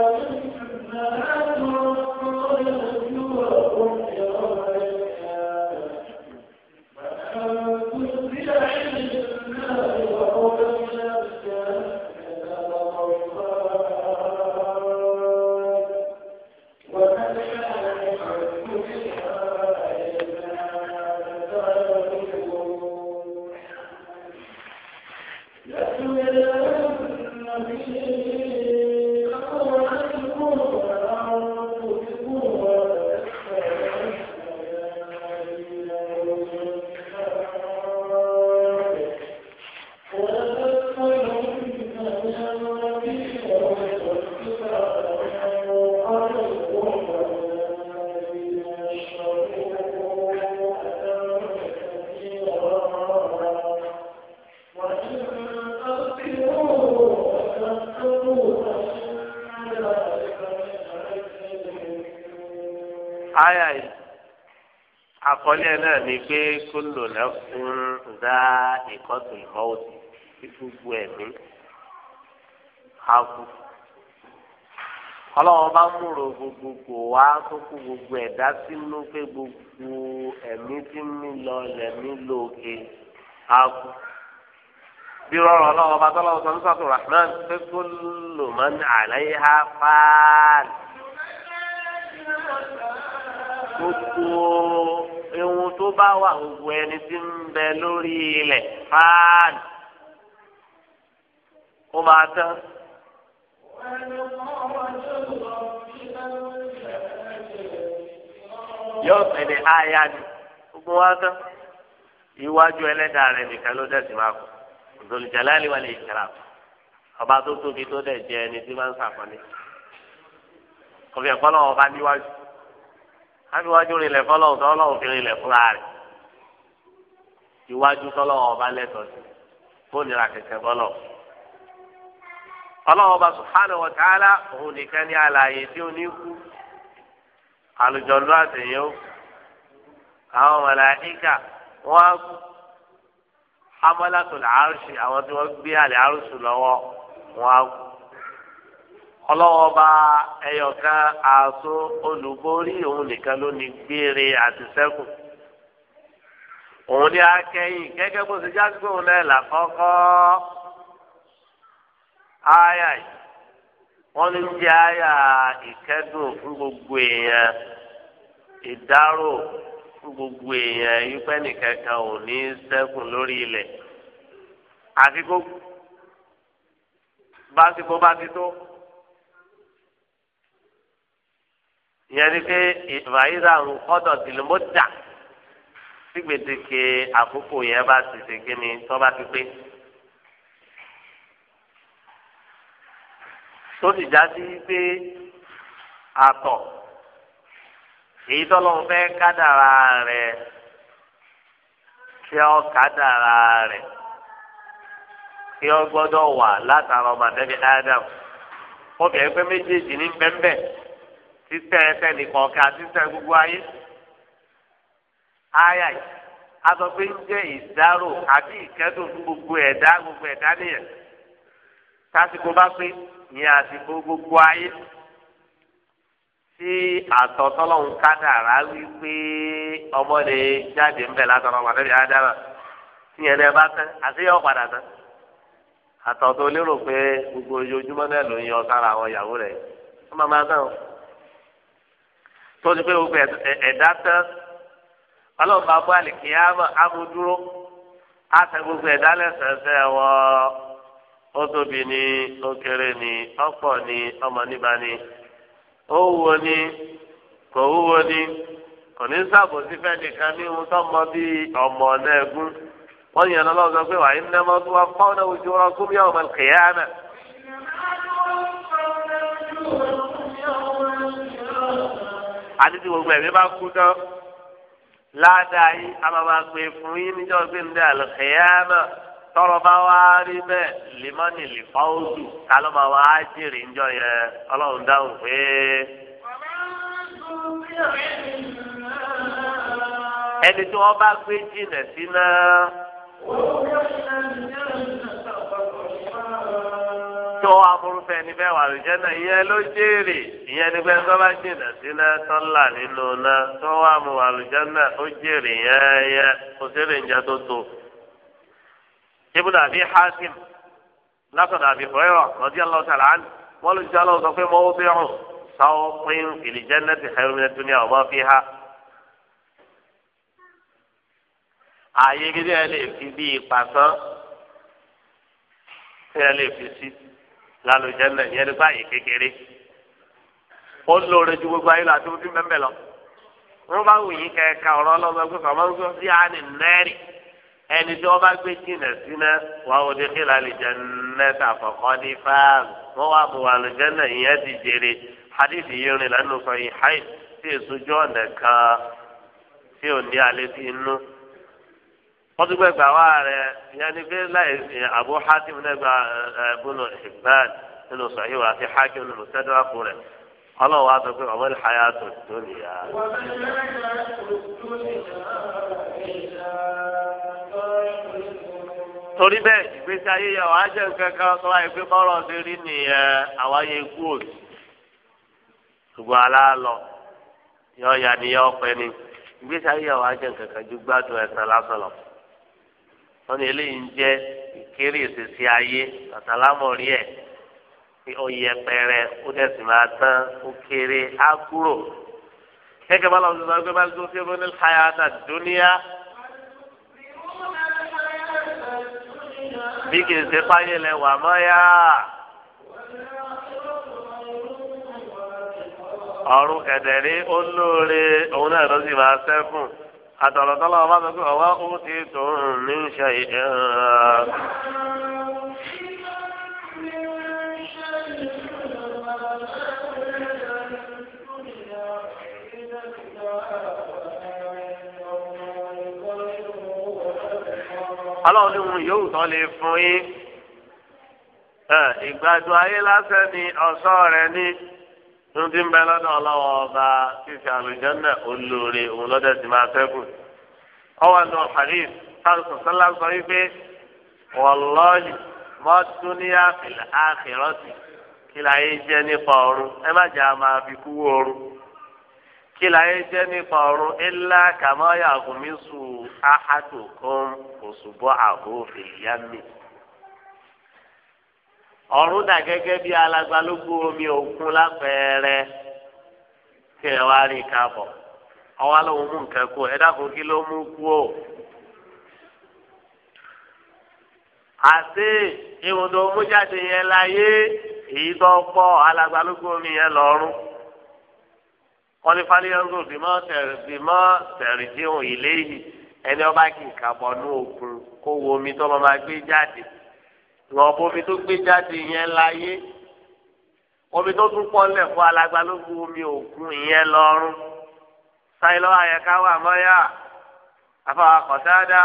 تنظر ni pé kólò lẹ́kùn dá ìkọ́tù ìmọ̀ọ́tì tí gbogbo ẹ̀mí àbù. ọlọ́wọ́n bá múrò gbogbogbò wá tó kó gbogbo ẹ̀dá sínú pé gbogbo ẹ̀mí tí ń mí lọ lẹ̀mí lókè àbù. bí rọrùn ọlọ́wọ́n bá tọ́lọ́wọ́ sọ ní sọ́tò rahman pé kólò máa ń àlàyé ha fáàlì. gbogbo tó bá wà gbogbo ẹni tí ń bẹ lórí ilẹ̀ fáàlì ó máa tán. yóò fẹ̀lẹ̀ àyà ni gbogbo wa tán iwájú ẹlẹ́dàá rẹ̀ nìkan ló dẹ̀ sí máa kú òdòlùjàlálì wà lè jẹrà ọba tó tóbi tó dẹ̀ jẹ ẹni tí máa ń sàkọ́lé kọfí ẹ̀kọ́ ọba níwájú ábíwájú rinlẹ̀ fọlọ́wọ́ tó ọlọ́wọ́ fi rinlẹ̀ fúnra rẹ̀ iwájú tọ́lọ́wọ́ ọba lẹ́tọ̀ọ́ sí fóònù ra kẹ̀kẹ́ bọ́lọ̀ ọlọ́wọ́ bá subhanahu wa ta'ala òun nìkan ní àlàyé tí ó ní kú àlùjọ̀lú àtẹ̀yẹ́ ó àwọn màláíkà wọ́n á kú amọ́lá tó lè àrùsì àwọn tí wọ́n gbé àlè àrùsì lọ́wọ́ wọ́n á kú ọlọ́wọ́ bá ẹyọ̀kan àṣọ olùborí òun nìkan ló ní gbére àti sẹ́kù òun ní akẹ́yìn gẹ́gẹ́ bó ṣe jáde pé òun náà là kọ́kọ́ áyà yìí wọ́n ní jẹ́ áyà ìkẹ́dùn fún gbogbo èèyàn ìdárò fún gbogbo èèyàn ìpẹ́ nìkankan ò ní sẹ́kù lórí ilẹ̀ àti bá ti bó bá ti tó. ìyẹn ni pé ìfàyíra ń kọ́dọ̀ tìlúmọ́jà tí gbèdéke àkókò yẹn bá ti ṣe tó bá ti pé. tó sì já sí pé àtọ̀ èyí tọ́lọ́run fẹ́ rẹ̀ tí ọ rẹ̀ tí ọ gbọ́dọ̀ wà látara ọmọ àtẹ́bí Adam ó bẹ̀rẹ̀ pé títẹ ẹsẹ nìkan ká títẹ gbogbo ayé ayà yìí azọ pé ń jẹ ìdárò àbí ìkẹdùn fún gbogbo ẹ̀dá gbogbo ẹ̀dá nìyẹn tásìkò bá pé ní àsìkò gbogbo ayé tí àtọ̀tọ́lọ́hún kádàrá wípé ọmọdé jáde ń bẹ̀ látọ̀rọ̀ wà lórí ádámà tíyẹn náà bá tán àṣeyọ̀ padà tán àtọ̀tọ̀ lérò pé gbogbo ojoojúmọ́ náà ló ń yọ sára tó ti pé gbogbo ẹ̀dá tán ọlọ́run bọ́ àlìkìyà amúdúró àtẹ gbogbo ẹ̀dá lẹ́sẹ̀ẹsẹ̀ wọ́n ó tóbi ní ó ní ọ̀pọ̀ ní ọmọ níbà ní ó wúwo ní kò wúwo ní kò ní sábò sí ọmọ ọ̀nà ẹ̀gún wọ́n yẹn lọ́wọ́ sọ pé wàá iná ojú ọkùnrin àti tí gbogbo ẹ̀mí bá kú tán ládàá yìí a máa máa pè fún yín níjọ́ pé ń dẹ́ àlùkìyàmà tọrọ bá wá rí bẹ́ẹ̀ limani lifawusu ta ló máa wá jèrè ńjọ́ yẹn ọlọ́run dáhùn pé. ẹni tí wọ́n bá gbé jìnà sí náà tó aburúfẹ́ níbẹ̀ wà lójẹ́ náà ìyẹn ló jèrè ìyẹn níbẹ̀ tó bá jìnà sínú tọ́lá nínú náà tó wà mú wà lójẹ́ náà ó jèrè yẹn yẹn kò sí lè jẹ́ tó tó. ibùdó àbí hasim látọ̀dọ̀ àbí fọ́yọ̀ lọ́dí ọlọ́sàlá án wọ́n lè jẹ́ ọlọ́sọ pé mo bí ọ̀hún sáwọ́ pín ìlìjẹ́ náà ti xẹ́rù ní dunya ọ̀bọ fi ha. ààyè gidi ẹ lè fi bí ìpàsán tí ẹ lè fi sí lálùjẹ́ lẹ̀ yẹn ní báyìí kékeré ó lóore ju gbogbo ayé lọ àti ojú mẹ́mẹ́ lọ wọ́n bá wù yín kẹ́ẹ̀ka ọ̀rọ̀ ọlọ́gbọ́n pé kàmá ń sọ sí àánì nẹ́ẹ̀rì ẹni tí wọ́n bá gbé jìnà síná wàá wò dé kílà lìjẹ́ nẹ́ẹ̀ta àfọ̀kọ́ ní fáàmù wọ́n wá bò wà lùjẹ́ náà ìyẹn ti jèrè hadith yìí rìn lánàá sọ yìí háì sí èso jọ́ ọ̀nà kan tí ò ní alẹ́ sí inú wọ́n tún gbẹ̀gbà wá rẹ̀ ìyẹn ní bí láì Abu Hatim nẹ́gbà ẹ̀bùnú Hibban nínú sọ̀híwá àti Hakim nínú sẹ́dọ̀kù rẹ̀ ọlọ́wọ́ á sọ pé ọmọ ìlú ayé àtò tó nìyà. torí bẹ́ẹ̀ ìgbésí ayé yẹn wàá jẹ́ nǹkan kan tó wáyé pé bọ́rọ̀ ti rí nìyẹn àwa yẹ kú òsì ṣùgbọ́n aláàlọ́ yọ ọ̀yà ni yọ ọ̀pẹ ni ìgbésí ayé yẹn wàá jẹ́ nǹkan kan ju gbádùn ẹ̀sán lásán lọ wọn ní eléyìí ń jẹ ìkéré ìṣesí ayé àtàlámọ̀rí ẹ̀ pé ó yẹ pẹrẹ ó dẹ̀sìn máa tán ó kéré á kúrò. gẹ́gẹ́ bá lọ́wọ́ sọ pé bá gbé fún mi káyà náà dúníyà. bí kì í ṣe fáyé lẹ wà mọ́ yá. ọ̀run kẹ̀dẹ̀ ó lóore òun náà ló sì máa sẹ́kùn àtọ̀lọ̀tọ̀lọ̀ ọba sọ pé ọwọ́ ó ti tún ní ṣe ẹ̀ ọlọ́run ní òun yóò tán lè fún yín ìgbàdo ayé lásán ni ọ̀sán rẹ̀ ní tún ti ń bẹ lọ́dọ̀ ọlọ́wọ́ ọba fífi àlùjànnà olóore òun lọ́dẹ̀ ti máa fẹ́kù. ọwọ́ àti ọ̀hánìf sáàlùsọ sọ́lá sọ wípé wọ́lọ́ọ̀lì mọ́tún ní àkìrọ́tì kí láyé jẹ́ nípa ọ̀run ẹ má jẹ́ a máa fi kí láyé jẹ́ nípa ọ̀run ilá kàmáyà gùnmísù áhàtò kan òṣùbọ̀ ọ̀run dà gẹ́gẹ́ bí alágbálógún omi òkun lápẹẹrẹ tí ẹ wá rí káàbọ̀ ọwọ́ lòun mú nǹkan kú ẹ dákun kí ló mú kú o. àti ìwọ̀n tó mú jáde yẹn láyé èyí tó pọ̀ alágbálógún omi yẹn lọ́rùn wọ́n ní fálíyàngó bímọ tẹ̀rìndínlẹ́yìn ẹni ọba kì í kàbọ̀ ní òkun kó wo omi tó máa gbé jáde ìwọ̀n bomi tó gbé jáde yẹn láyé omi tó tún pọ́nlẹ̀ fún alágbá ló gbé omi òkun yẹn lọ́rùn sáyé lọ́wọ́ àyẹ̀ká wà mọ́yà àfàwọn kọ̀dáadá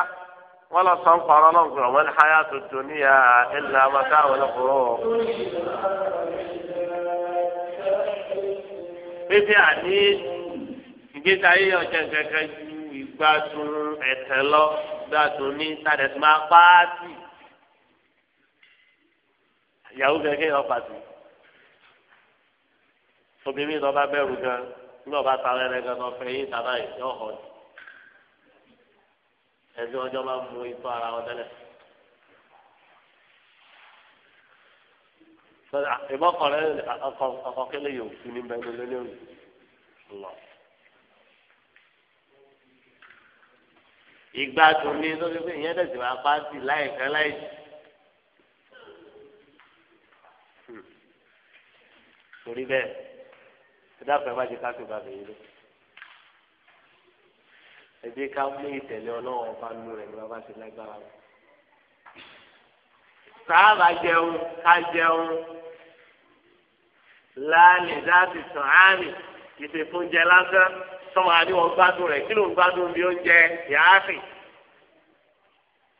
wọ́n lọ sọ́n kọ́ ọlọ́run gbọ̀ wọ́n ní háyà tó tó níyà ẹ̀là àmọ́ká àwọn ọkùnrin. pépé àní ìgbésí ayé ọ̀jẹ̀ kẹ̀kẹ́ ju ìgbádùn ẹ̀tẹ̀ lọ gbádùn ní sàdẹ̀tìmá pààtì ìyàwó bẹ kéèyàn pàtì obìnrin náà bá bẹ̀rù gan nígbà bá ta rẹ gan náà fẹ yín tàbá yìí yọ ọ ẹbí ọjọ́ máa ń mú ikú ara wọn tẹ́lẹ̀. ìbọn kọrẹ ọkọ kẹlẹ yóò fi ní bẹ́ẹ̀ lọ lórí lọ. ìgbà tó ní lórí pé ìyẹn tẹ̀sí máa pàṣẹ láìpẹ́ láìpẹ́. torí bẹ́ẹ̀ ẹ dábàá ẹ má jẹ káàtó bá bẹ̀rẹ̀ lé ẹ jẹ́ ká mú ìtẹ̀lé ọlọ́wọ́ ọba nù rẹ̀ ní bàbá ti lágbára rẹ̀ sáàbà jẹun ká jẹun láàlì dáàbì sàn áàmì ìṣèfúnjẹ lásán sọmọ àdéhùn gbádùn rẹ̀ kí ló ń gbádùn bí ó jẹ yàáfì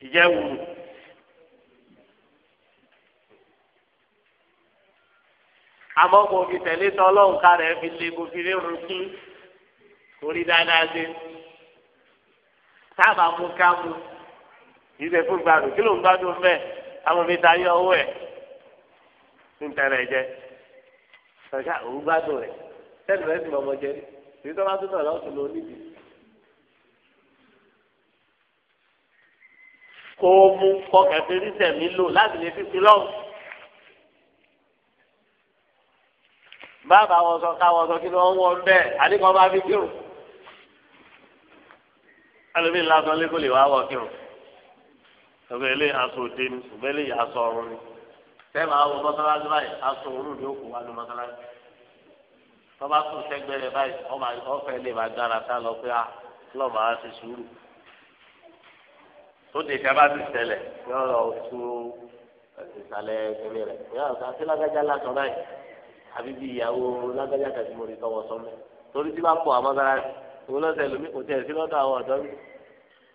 ìjẹwùrù. àmọ́ kò fi tẹ̀lé tọ́lọ́hùn ká rẹ̀ fi lè kò fi rí irun kí orí dáadáa dé sábà mú ká mú ìṣe fún gbàdùn kí ló ń gbádùn mẹ́ àwọn mi ta yọ owó ẹ̀ ń tẹ̀rẹ̀ jẹ ṣọ̀ṣà òun gbádùn rẹ̀ sẹ́ni rẹ̀ sì mọ ọmọ jẹ rí èyí tó bá tún náà lọ́sùn ló níbi. kó o mú kọkẹ́ fi rí sẹ̀mí lò láti lè fi fi lọ́hùn. bàbá wọn sọ káwọn sọ kí ni wọn wọ bẹ́ẹ̀ àdìgbọn bá fi kírun alóbìnrin lásán lé kó lè wá wọ kírun ọgbẹ ilé aṣọ òde ni ọgbẹ ilé aṣọ ọrùn ni tẹ́lẹ̀ àwọn mọ́sálásí báyìí aṣọ òrùn ni ó kó wá ní mọ́sálásí tọ́ba kù sẹ́gbẹ́ rẹ̀ báyìí ọmọ ọ̀fẹ́ lè máa dára sá lọ pé ah, lọ́ọ̀ máa ṣe sùúrù tó de ìjọba ti ṣẹlẹ̀ yọ̀ọ́ lọ tú ìsàlẹ̀ ìpínlẹ̀ rẹ̀ yọ̀ọ́ àbí bí ìyàwó lágbájá tàbí mo rí tọwọ sọmọ torí tí bá pọ àmọsára òun lọsẹ lómi kò tẹ sí lọ́dọ̀ àwọn ọ̀dọ́ mi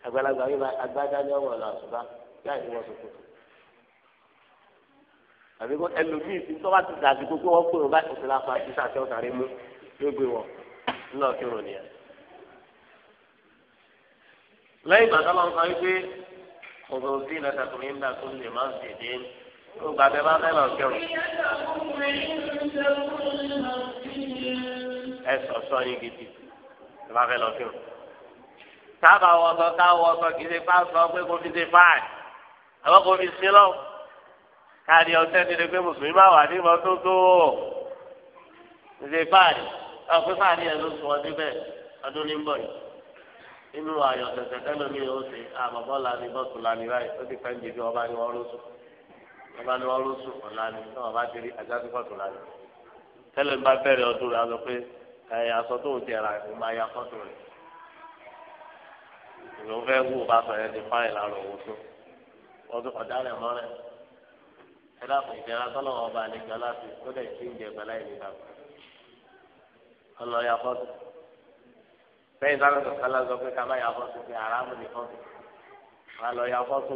àgbàlagbà yìí bá agbádá ní ọwọ́ ọlọ àṣùbá kí àyè wọn sọkò tó àbí kó ẹlòmíì tí tọ́ba ti dàbí gbogbo wọn pè wọn bá ìṣẹ̀lẹ̀ apá ti sàṣẹ ọ̀tàrí mú yóò gbé wọn ńlọ kí wọn nìyẹn. lẹ́yìn ìgbà tó lọ́n sọ wípé ọ̀gá òbí náà tàkùnrin náà tó ó gba abẹ bá fẹ́ lọ kírun. ẹ sọ sọ yín gidi ẹ bá fẹ́ lọ kírun. sábà wọsọ ká wọsọ kì í ṣe pásọ pé kò fi ṣe fáì àwọn kò fi ṣe lọ. káàdì ọ̀sẹ̀ ti di pé mùsùlùmí máa wà ní ìmọ́tótó ṣe fáì ọ̀pẹ́ fáì yẹn ló sùn ọ́ síbẹ̀ ọdún ní bọ̀ yìí inú ayọ̀ tẹ̀tẹ̀ tẹ́lẹ̀ mi ò ṣe àbọ̀bọ̀ làní bọ́sùn làní báyìí ó ti fẹ́ ń jẹ́ bí ọba ni wọ́n ló wọn bá ní wọn ló sùn fún lánìí tí wọn bá ti rí ajásí fọtò lánìí tẹlẹ ń bá bẹ̀rẹ̀ ọdún rẹ alọ pé ẹ aṣọ tó ń tẹra ẹ máa ya fọtò rẹ ìlú fẹ́ wù bá sọ yẹn ti fáyìn lárọ owó tó wọn tún ọdá rẹ mọ rẹ ẹ dàpọ̀ ìjẹra tọ́lọ̀ wọn bá lè gbọ́ láti tó dẹ̀ ti ń jẹ pẹ̀lá ìlú dàpọ̀ ọlọ ya fọtò lẹ́yìn tó alẹ́ sọ̀kálá sọ pé ká má ya fọtò pé aráàmù ni fọtò wọn lọ ya fọtò.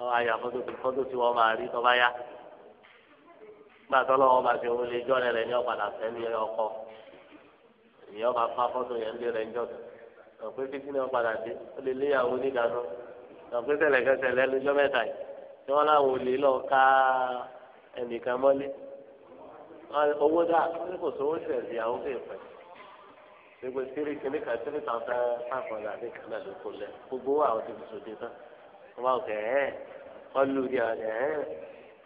àwọn àyà fọ́tò tí fọ́tò tí wọ́n máa rí tọ́ba yá gbà tọ́lọ́ wọn bá fi owó lé jọ́rẹ́ rẹ̀ ní ọ̀padà sẹ́ni ọkọ èèyàn bá fa fọ́tò yẹn lé rẹ̀ jọ́ ọ̀pẹ́ títí ní ọ̀padà dé ó lè léyàwó onídàásọ́ ọ̀pẹ́ tẹ̀lẹ̀kẹsẹ̀ lẹ́lẹ́jọ́ mẹ́ta yìí tí wọ́n láwọn olè lọ ká ẹnìkan mọ́lé owó dà kò sówó sẹ̀sì àwọn kò pẹ́ gbogbo sírí kìnnìkan sírí tàǹtà fáfọ̀lá ní kànáà ló kó lẹ wọn bá kẹ ẹ wọn lù díẹ̀ ẹ ẹ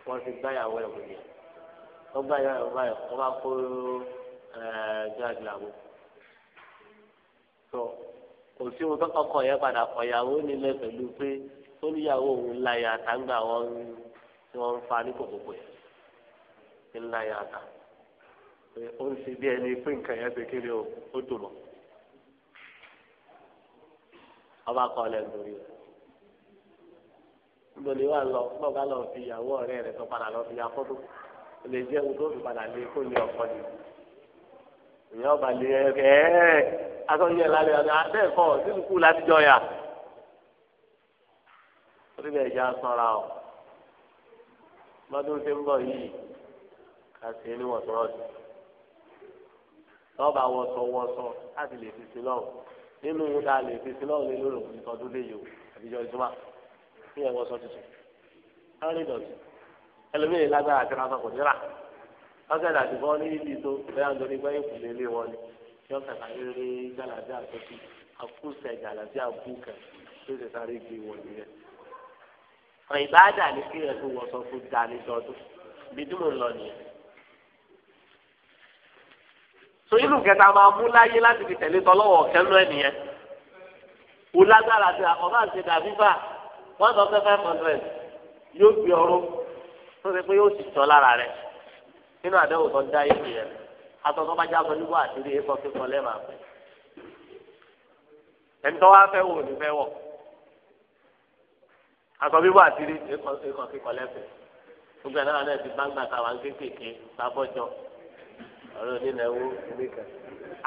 wọn ti gbáyàwó ẹ wọlé wọn gbáyàwó ẹ báyọ wọn bá kó ẹ gáàdì làwọ tó kò sí wọn tọkọ yẹn padà kọyàwó nílẹ̀ pẹ̀lú pé ó níyàwó òun láyà àtàǹgbà wọn tí wọn ń fa ní kòkòkò yẹn ńlá yàtà ó ń ṣe bí ẹni pé nǹkan yẹn ti kéré ó dùn mọ́ ọba kọ́ ọ lẹ́nu lórí o gbọ́dọ̀ wà lọ gbọ́dọ̀ lọ fi ìyàwó ọ̀rẹ́ rẹ̀ tó padà lọ fi afọ́tò ó lè jẹ́ ohun tó fi padà lé kó lè ọkọ ni ìyá ọba lè ẹ ẹ asọ́yẹ lálẹ́ ọ̀dọ̀ abẹ́ẹ̀kọ́ sínú kú láti jọyà orí bẹ́ẹ̀ já sọ́ra ọ̀ gbọ́dọ̀ ṣe ń bọ̀ yìí ká ṣe é níwọ̀ntúnrọ̀sì lọ́ba wọ́sọ̀wọ́sọ láti lè fi sí lọ́wọ́ nínú ohun lè fi sí lọ́wọ́ lé lórí òkú yòó àbíjọ ìjọba kí ẹ wọ sọ tuntun kárí dọ̀tí ẹlòmíràn lágbára àti ránṣọ kò níra ọ̀sẹ̀ dàbí bọ́ ní ibi tó bẹ́ẹ̀ ń dorí gbẹ́yìn kù lélẹ̀ wọn ni yọ kàkà rere gàlàdé àtọ́sí àkúṣẹ̀ gàlàdé àbúkẹ̀ tó ṣe sáré gbé wọn nìyẹn. ọ̀yìn bá dà ní kí ẹ tó wọ sọ fún dání dọdún bí dúró ń lọ nìyẹn. so inú kẹta máa mú láyé láti fi tẹ̀lé tọ́lọ́wọ̀ kẹ́lú ẹ̀ nìyẹn. wò lágbára ti àkọ́kọ́ àti dàbí bá a. One thousand five hundred yóò gbé ọrùn tó ṣe pé yóò sì tọ́ lára rẹ̀ nínú àdéhùn tó ń dá yìí nìyẹn aṣọ tó bá já sọ nígbà àti rí ẹ̀kọ́ kíkọ lẹ́ẹ̀ma pẹ́ ẹni tó wá fẹ́ wò ní fẹ́ wọ̀ aṣọ bíbọ àti rí ẹ̀kọ́ kíkọ lẹ́ẹ̀fẹ́ gbogbo ẹ̀ náà náà ti bá ń gbà táwọn kéékèèké sábọ́jọ ọ̀rọ̀ onínáwó nìkan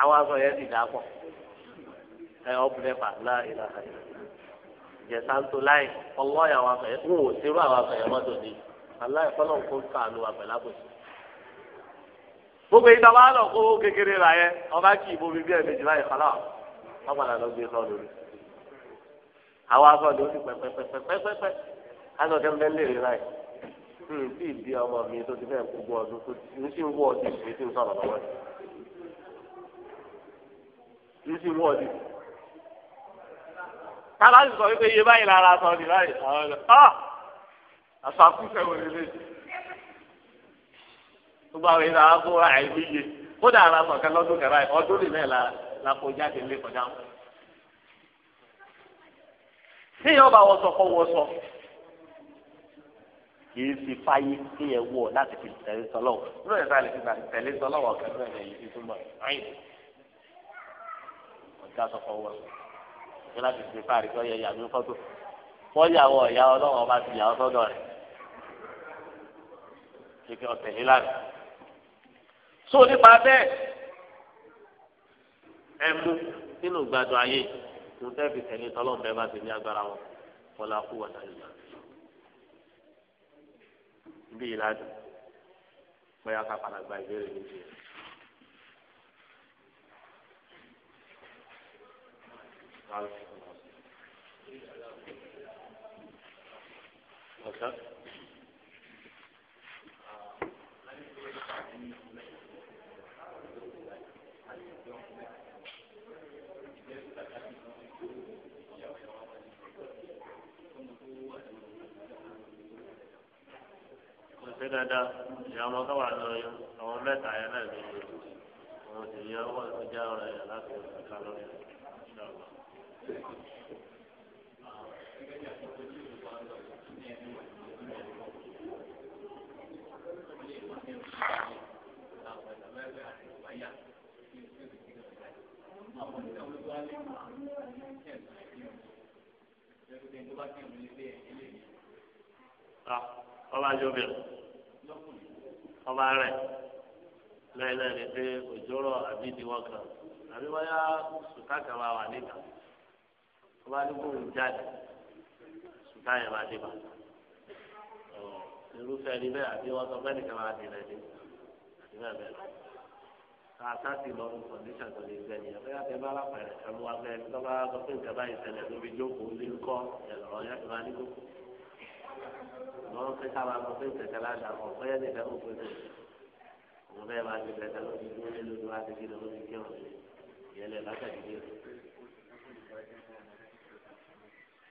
àwọn aṣọ yẹn ti dà pọ̀ ẹ̀ ọ́ bùrẹ́ pàtó láì láì ìjẹta ń to láì ọwọ́ àwọn afẹ́yẹ ń wò sí irú àwọn afẹ́yẹ mọ́tò ni aláì fọlọ́n kó sànù àgbẹ̀lá kò sí. gbogbo ìta wa lọ kó kékeré rà yẹ ọba kì í bomi bí ẹ̀ méjì láì fọlọ́ wọn padà lọ gbé sọ lórí. àwọn afọ ni ó ti pẹpẹpẹpẹpẹ aṣọ kẹfẹ léèrè láì bí hmm, ọmọ mi tó ti gbogbo ọdún tó kálá sì sọ wípé iye báyìí lára sọ ní báyìí àṣàkùsẹ̀ wò lè lè gbogbo àwọn ìlànà àgbo àìní iye kódà ara sọ̀kẹ́ lọ́dún kẹrà ẹ̀ ọdún nìyẹn la la kó jáde lé kọjá wọn. téèyàn bá wọṣọ kọ́ wọṣọ kìí fi fáyé téèyàn wọ̀ láti fi tẹ̀lé sọlọ́wọ́ lórí ẹ̀ka lè fi tẹ̀lé sọlọ́wọ́ kẹ́kẹ́ rẹ̀ yìí fi túmọ̀ ẹ̀yìn ọ̀gá sọ̀kọ́ wọṣọ. kí láti fi fáàrí kí yẹ yàgbé fọ́tò wọ́n ọ̀yà ọlọ́wọ́ ọba ti yàwọ́ sọ́dọ̀ rẹ̀ kíkẹ́ ọ̀sẹ̀ yìí lánàá. so nípa bẹ́ẹ̀ ẹ mú gbàdọ̀ ayé tó tẹ́ fi tẹ̀lé bá ti ní agbára wọn kú bí ìlànà pé a ká padà Okay. ṣe dáadáa ìyá wà lọ yọ àwọn mẹ́ta yẹn náà ló lò wọn sì yẹ wọn tó jẹ yẹn láti ọjà lọ yẹn. Ah, ọba jọbẹ ọba rẹ lẹ́yìn lẹ́yìn pé òjòrò àbí ìdíwọ́ kan àbí wáyà sùkàkà wà wà níta tó bá dúró ń jáde sùtá yẹn máa dé bá irúfẹ́ ẹni bẹ́ẹ̀ àbí wọ́n sọ bẹ́ẹ̀ nìkan máa dì rẹ̀ dé àti bẹ́ẹ̀ bẹ́ẹ̀ lọ. káàtá sì lọ ní kọ̀ndíṣàn tó lè gbẹ̀ nìyẹn bẹ́ẹ̀ tẹ́ bá lápẹ̀rẹ̀ ẹ̀rù wa fẹ́ ẹni tó bá sọ pé nǹkan báyìí ṣẹlẹ̀ lóbi jókòó lé ńkọ́ ẹ̀rọ yẹn ti máa ní kókó. lọ́wọ́ pé ká máa sọ pé ìtẹ̀tẹ̀ láda ọ̀ bẹ́ẹ̀ nìkan ó pé tó òun bẹ́ẹ̀ máa ti tẹ̀tẹ̀ lóbi dúró lé lóbi wá ti kí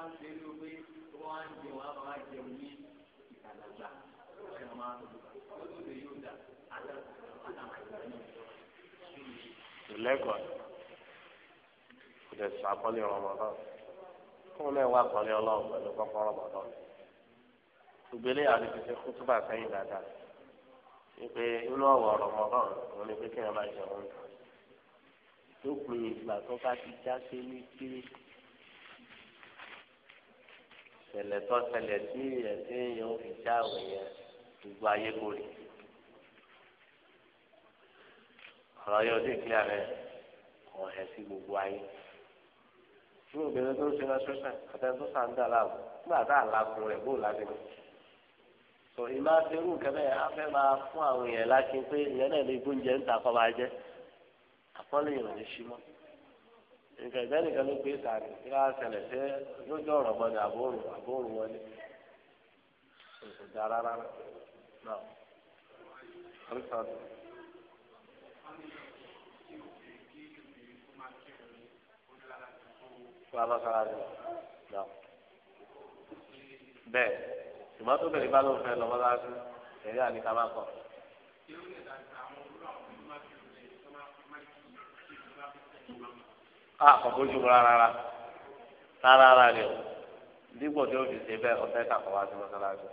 wá ń ṣe é ló pé tó wá ń jẹun wá máa jẹun ní ìdàgbàgbà ọ̀rẹ́ máa tó tó tó lè yóò dà ádà ádàmà ìgbàlódé lẹ́kọ̀ọ́ kò dẹ̀ sọ àkọlé Ramadan fún un náà wà àkọlé ọlọ́run pẹ̀lú kọ́kọ́ Ramadan ìgbélé àdìsíṣe kútúbà sẹ́yìn dáadáa ìpè inú ọ̀wọ̀ Ramadan òun ni pé kí n máa jẹun tó pin ìgbà ti já sí ní kiri. ṣẹlẹ̀ tó ṣẹlẹ̀ sí yẹn tí yóò fi jáwé yẹn gbogbo ayé kò rí yóò sì kílẹ̀ rẹ̀ kò hẹ̀ sí gbogbo ayé fún obìnrin tó ń ṣe tó sàn dà nígbà tá rẹ̀ bó kẹfẹ́ máa fún àwọn lákin pé ìyẹn náà lè gbóúnjẹ ń ta kọ́ nǹkan ìgbẹ́ nìkan ló pé sáré kí á ṣẹlẹ̀ sí lójú ọ̀rọ̀ mọ́ni àbóòrùn àbóòrùn wọlé kò dá rárá náà oríṣiríṣi. wàá bá sára rẹ̀ náà bẹ́ẹ̀ ìmọ̀tò bẹ̀rẹ̀ bá ló fẹ́ lọ́mọ́lá sí ẹ̀yà kọ̀. àkọ́bójú rárá rárá rẹ̀ o dípò tí ó fi ṣe bẹ́ẹ̀ ọ̀fẹ́ kàkọ́ wá sí mọ́sálásí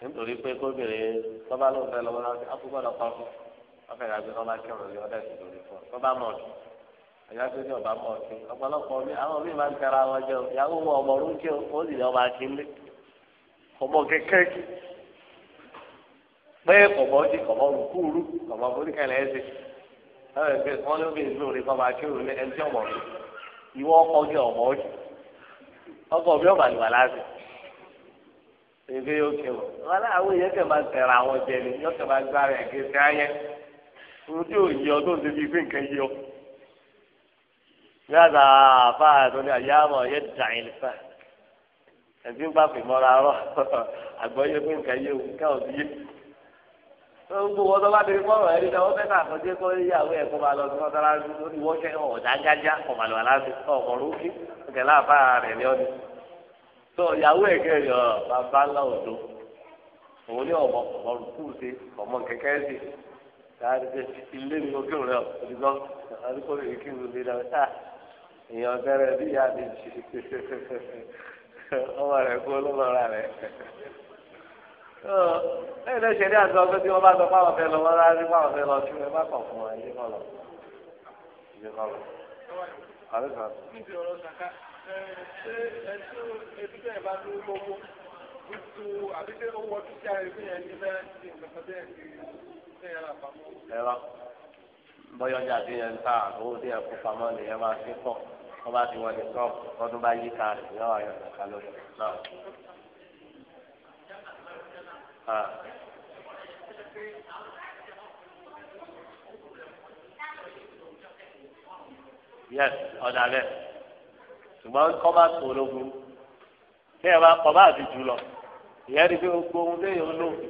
nítorí pé kóbìnrin tọ́ba ló ń fẹ́ lọ́wọ́ láti akúgbọ́dọ̀ pa fún ọ̀fẹ́ ìrìnàjò tọ́ba fún ọ tọ́ba mọ̀ ọ̀tún tó mi àwọn mi máa ń tẹra wọn jẹ ọmọ ọdún sì ẹ ẹ wọn ló bí ìlú rẹ kọba kí òun ẹni tí ọmọ mi ìwọ ọkọ ní ọmọ ọjì ọkọ mi ọmọ àlùwà láti èdè yóò kí wọn wọn láwọn èèyàn kẹ máa tẹ̀ra àwọn jẹ yóò kẹ máa gbá rẹ kí ayẹ ohun tí ò yí ọ tó ń ṣe pé nǹkan yí ọ. yàtọ̀ àfa àtúndì àyàmọ̀ yẹ dàn fà ẹ̀sìn bá fi mọ́ra rọ àgbọ̀yé pé nǹkan yí òun káwọn ti gbogbo wọn tó bá ti rí fọ́ọ̀rọ̀ ẹ̀rí náà wọ́n fẹ́ kà kọjá kó yíyàwó ẹ̀kọ́ máa lọ sí mọ́sálásí lórí wọ́ṣẹ́ ọ̀dà gájá ọ̀màlù aláṣẹ ọ̀pọ̀ rúkì kẹlẹ́ àbá rẹ̀ ní ọdún. tó ìyàwó ẹ̀kẹ́ yọ bàbá ńlá òdo òun ní ọmọ ọmọ rúkú ọmọ kẹkẹ sí ilé ní ojú rẹ ọdún adúgbò rẹ kí n lè dá ah, èèyàn bẹ̀rẹ̀ bí ìyá mi jì ọmọ rẹ kó lọ́mọ lẹ́yìn lẹ́sẹ̀ ní àtọ́ pé tí wọ́n bá sọ fáwọn fẹ́ lọ wọ́n rárá sí fáwọn fẹ́ lọ sí ẹ bá fún wa ilé kọ́ lọ. ilé kọ́ lọ. àlẹ́ kan. níbi ọ̀rọ̀ kàkà ẹ ẹ tí ebi tẹ̀ bá ló lówó tuntun àbí tẹ owó ọdún tí a rè fún yẹn ní bẹ́ẹ̀ ti nǹkan tẹ̀ ẹ yẹn là pamọ́. ẹ lọ bọ́yọ̀ ọjà tí yẹn ń ta owó tí yẹn kó pamọ́ nìyẹn máa fi pọ̀ wọ́n bá ti wọlé sọ́ọ̀bù ọdún bá yí ká Ah. yes ọ̀dà bẹ́ẹ̀ ṣùgbọ́n kọ́ bá tó ológun bí ẹ bá kọ́ bá àti jù lọ ìyẹn ni pé gbogbo ohun lẹ́yìn olóògùn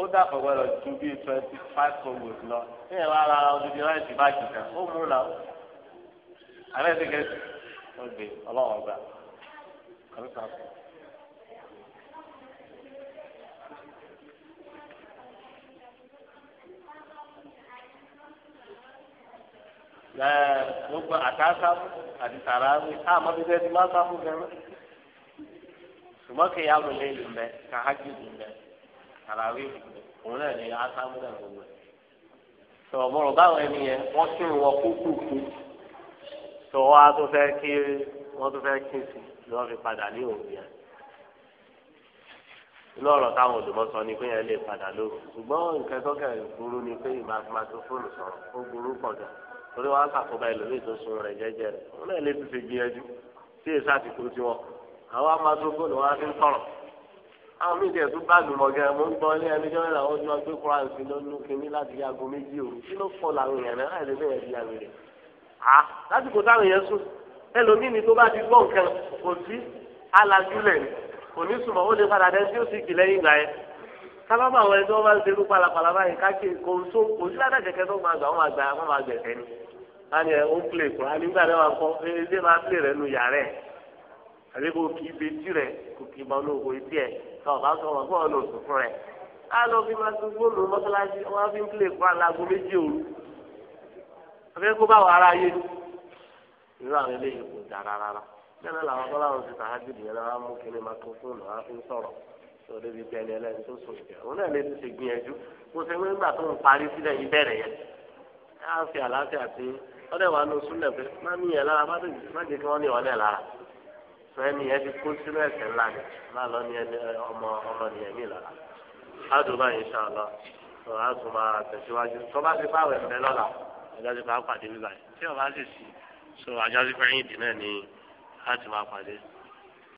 ó dàpọ̀ gbọ́dọ̀ ju bíi twenty five congos lọ bí ẹ bá ra odidi láìsí báàgì kan ó mú la àbẹ́sẹ̀kẹ́sì ó gbé ọlọ́wọ́n gbà àbíkà fún un. gbogbo àtàkàmù àti tàràmù àmọ́ bí bẹ́ẹ̀ ti máa sáfù bẹ́ẹ̀ ṣùgbọ́n kì í yàgò lé ìlú mẹ́ ká hájú ìlú mẹ́ tàràwí òun náà ní àtàmù náà gbogbo ẹ̀. mọ̀rọ̀ báwọn ẹni yẹn wọ́n kí wọn fẹ́ kí wọ́n fẹ́ kí sí fi padà ní òun yẹn. inú ọ̀rọ̀ táwọn sọ ni torí wọn á sàkóbá ẹlòmíì tó sun rẹ̀ jẹ́jẹ́ rẹ̀ wọn náà lè fi fi gbìyànjú tí èsì àti kú tiwọn àwọn amadu ni wọn á fi ń tọrọ àwọn míì tiẹ̀ tún báàgì mọ̀gẹ́ mo ń gbọ́ ilé ẹni jọ́lẹ́ làwọn ojú wọn gbé koran sí lọ́nu kínní láti yàgò méjì òru kí ló fọ làwọn èèyàn náà lè bẹ̀rẹ̀ di àwọn èèyàn à lásìkò táwọn èèyàn sùn ẹlòmíì ni tó bá ti gbọ́ nǹkan kò sí alájúlẹ̀ kò ní sùnmọ́ ó lè padà dé tí ó sì kì lẹ́yìn ìgbà yẹn sábàbà àwọn ẹni tó bá ń serú palapàla báyìí ká kí kò só kò sí ládàjẹkẹ láti ẹ ó pilẹ̀ kó nígbà náà wà kọ́ ẹ eh, ṣé máa pilẹ̀ rẹ nu yàrá ẹ̀ àbí kò kì í be tí rẹ kò kì í bá olóògbé etí ẹ̀ káwọn bá sọ̀rọ̀ fún ọ̀nà òsùn fún rẹ̀ á lọ fi máa tún fóònù mọ́tàláṣí wọ́n fi ń pilẹ̀ kó alágo méjì òru àbí kó bá wà ara yé irú àwọn eléyìí kò dára rárá bẹ́ẹ̀ làwọn fọláwọn ti tàá jù nìyẹn náà mú kí ni máa tún fóònù á fi ń sọ̀rọ̀ sọ̀rọ̀ bẹ́ẹ̀ ni ẹlẹ́ni tó sùn ìjà òun náà lè ti ṣègbìyànjú kó sẹ́wọ́n nígbà tó ń parí sílẹ̀ ìbẹ̀rẹ̀ yẹn á fi àlàáfíà sí wọ́n dẹ̀ wà lọ súnlẹ̀ pé má mi yẹn lára má jẹ́ kí wọ́n ní ọ̀lẹ́ lára sọ ẹni yẹn ti kó sínú ẹ̀sẹ̀ ńlá ni má lọ ní ẹni ọmọ ọmọ nìyẹn mi lára àdùbà yìí ṣàlọ́ sọ àtún máa tẹ̀síwájú tó bá ti báwẹ̀ ńbẹ lọ́la àjọṣe pàápàdé bíbáyìí tí ọba sì sí so àjọṣe pẹ́yìn dì náà ni láti máa pàdé.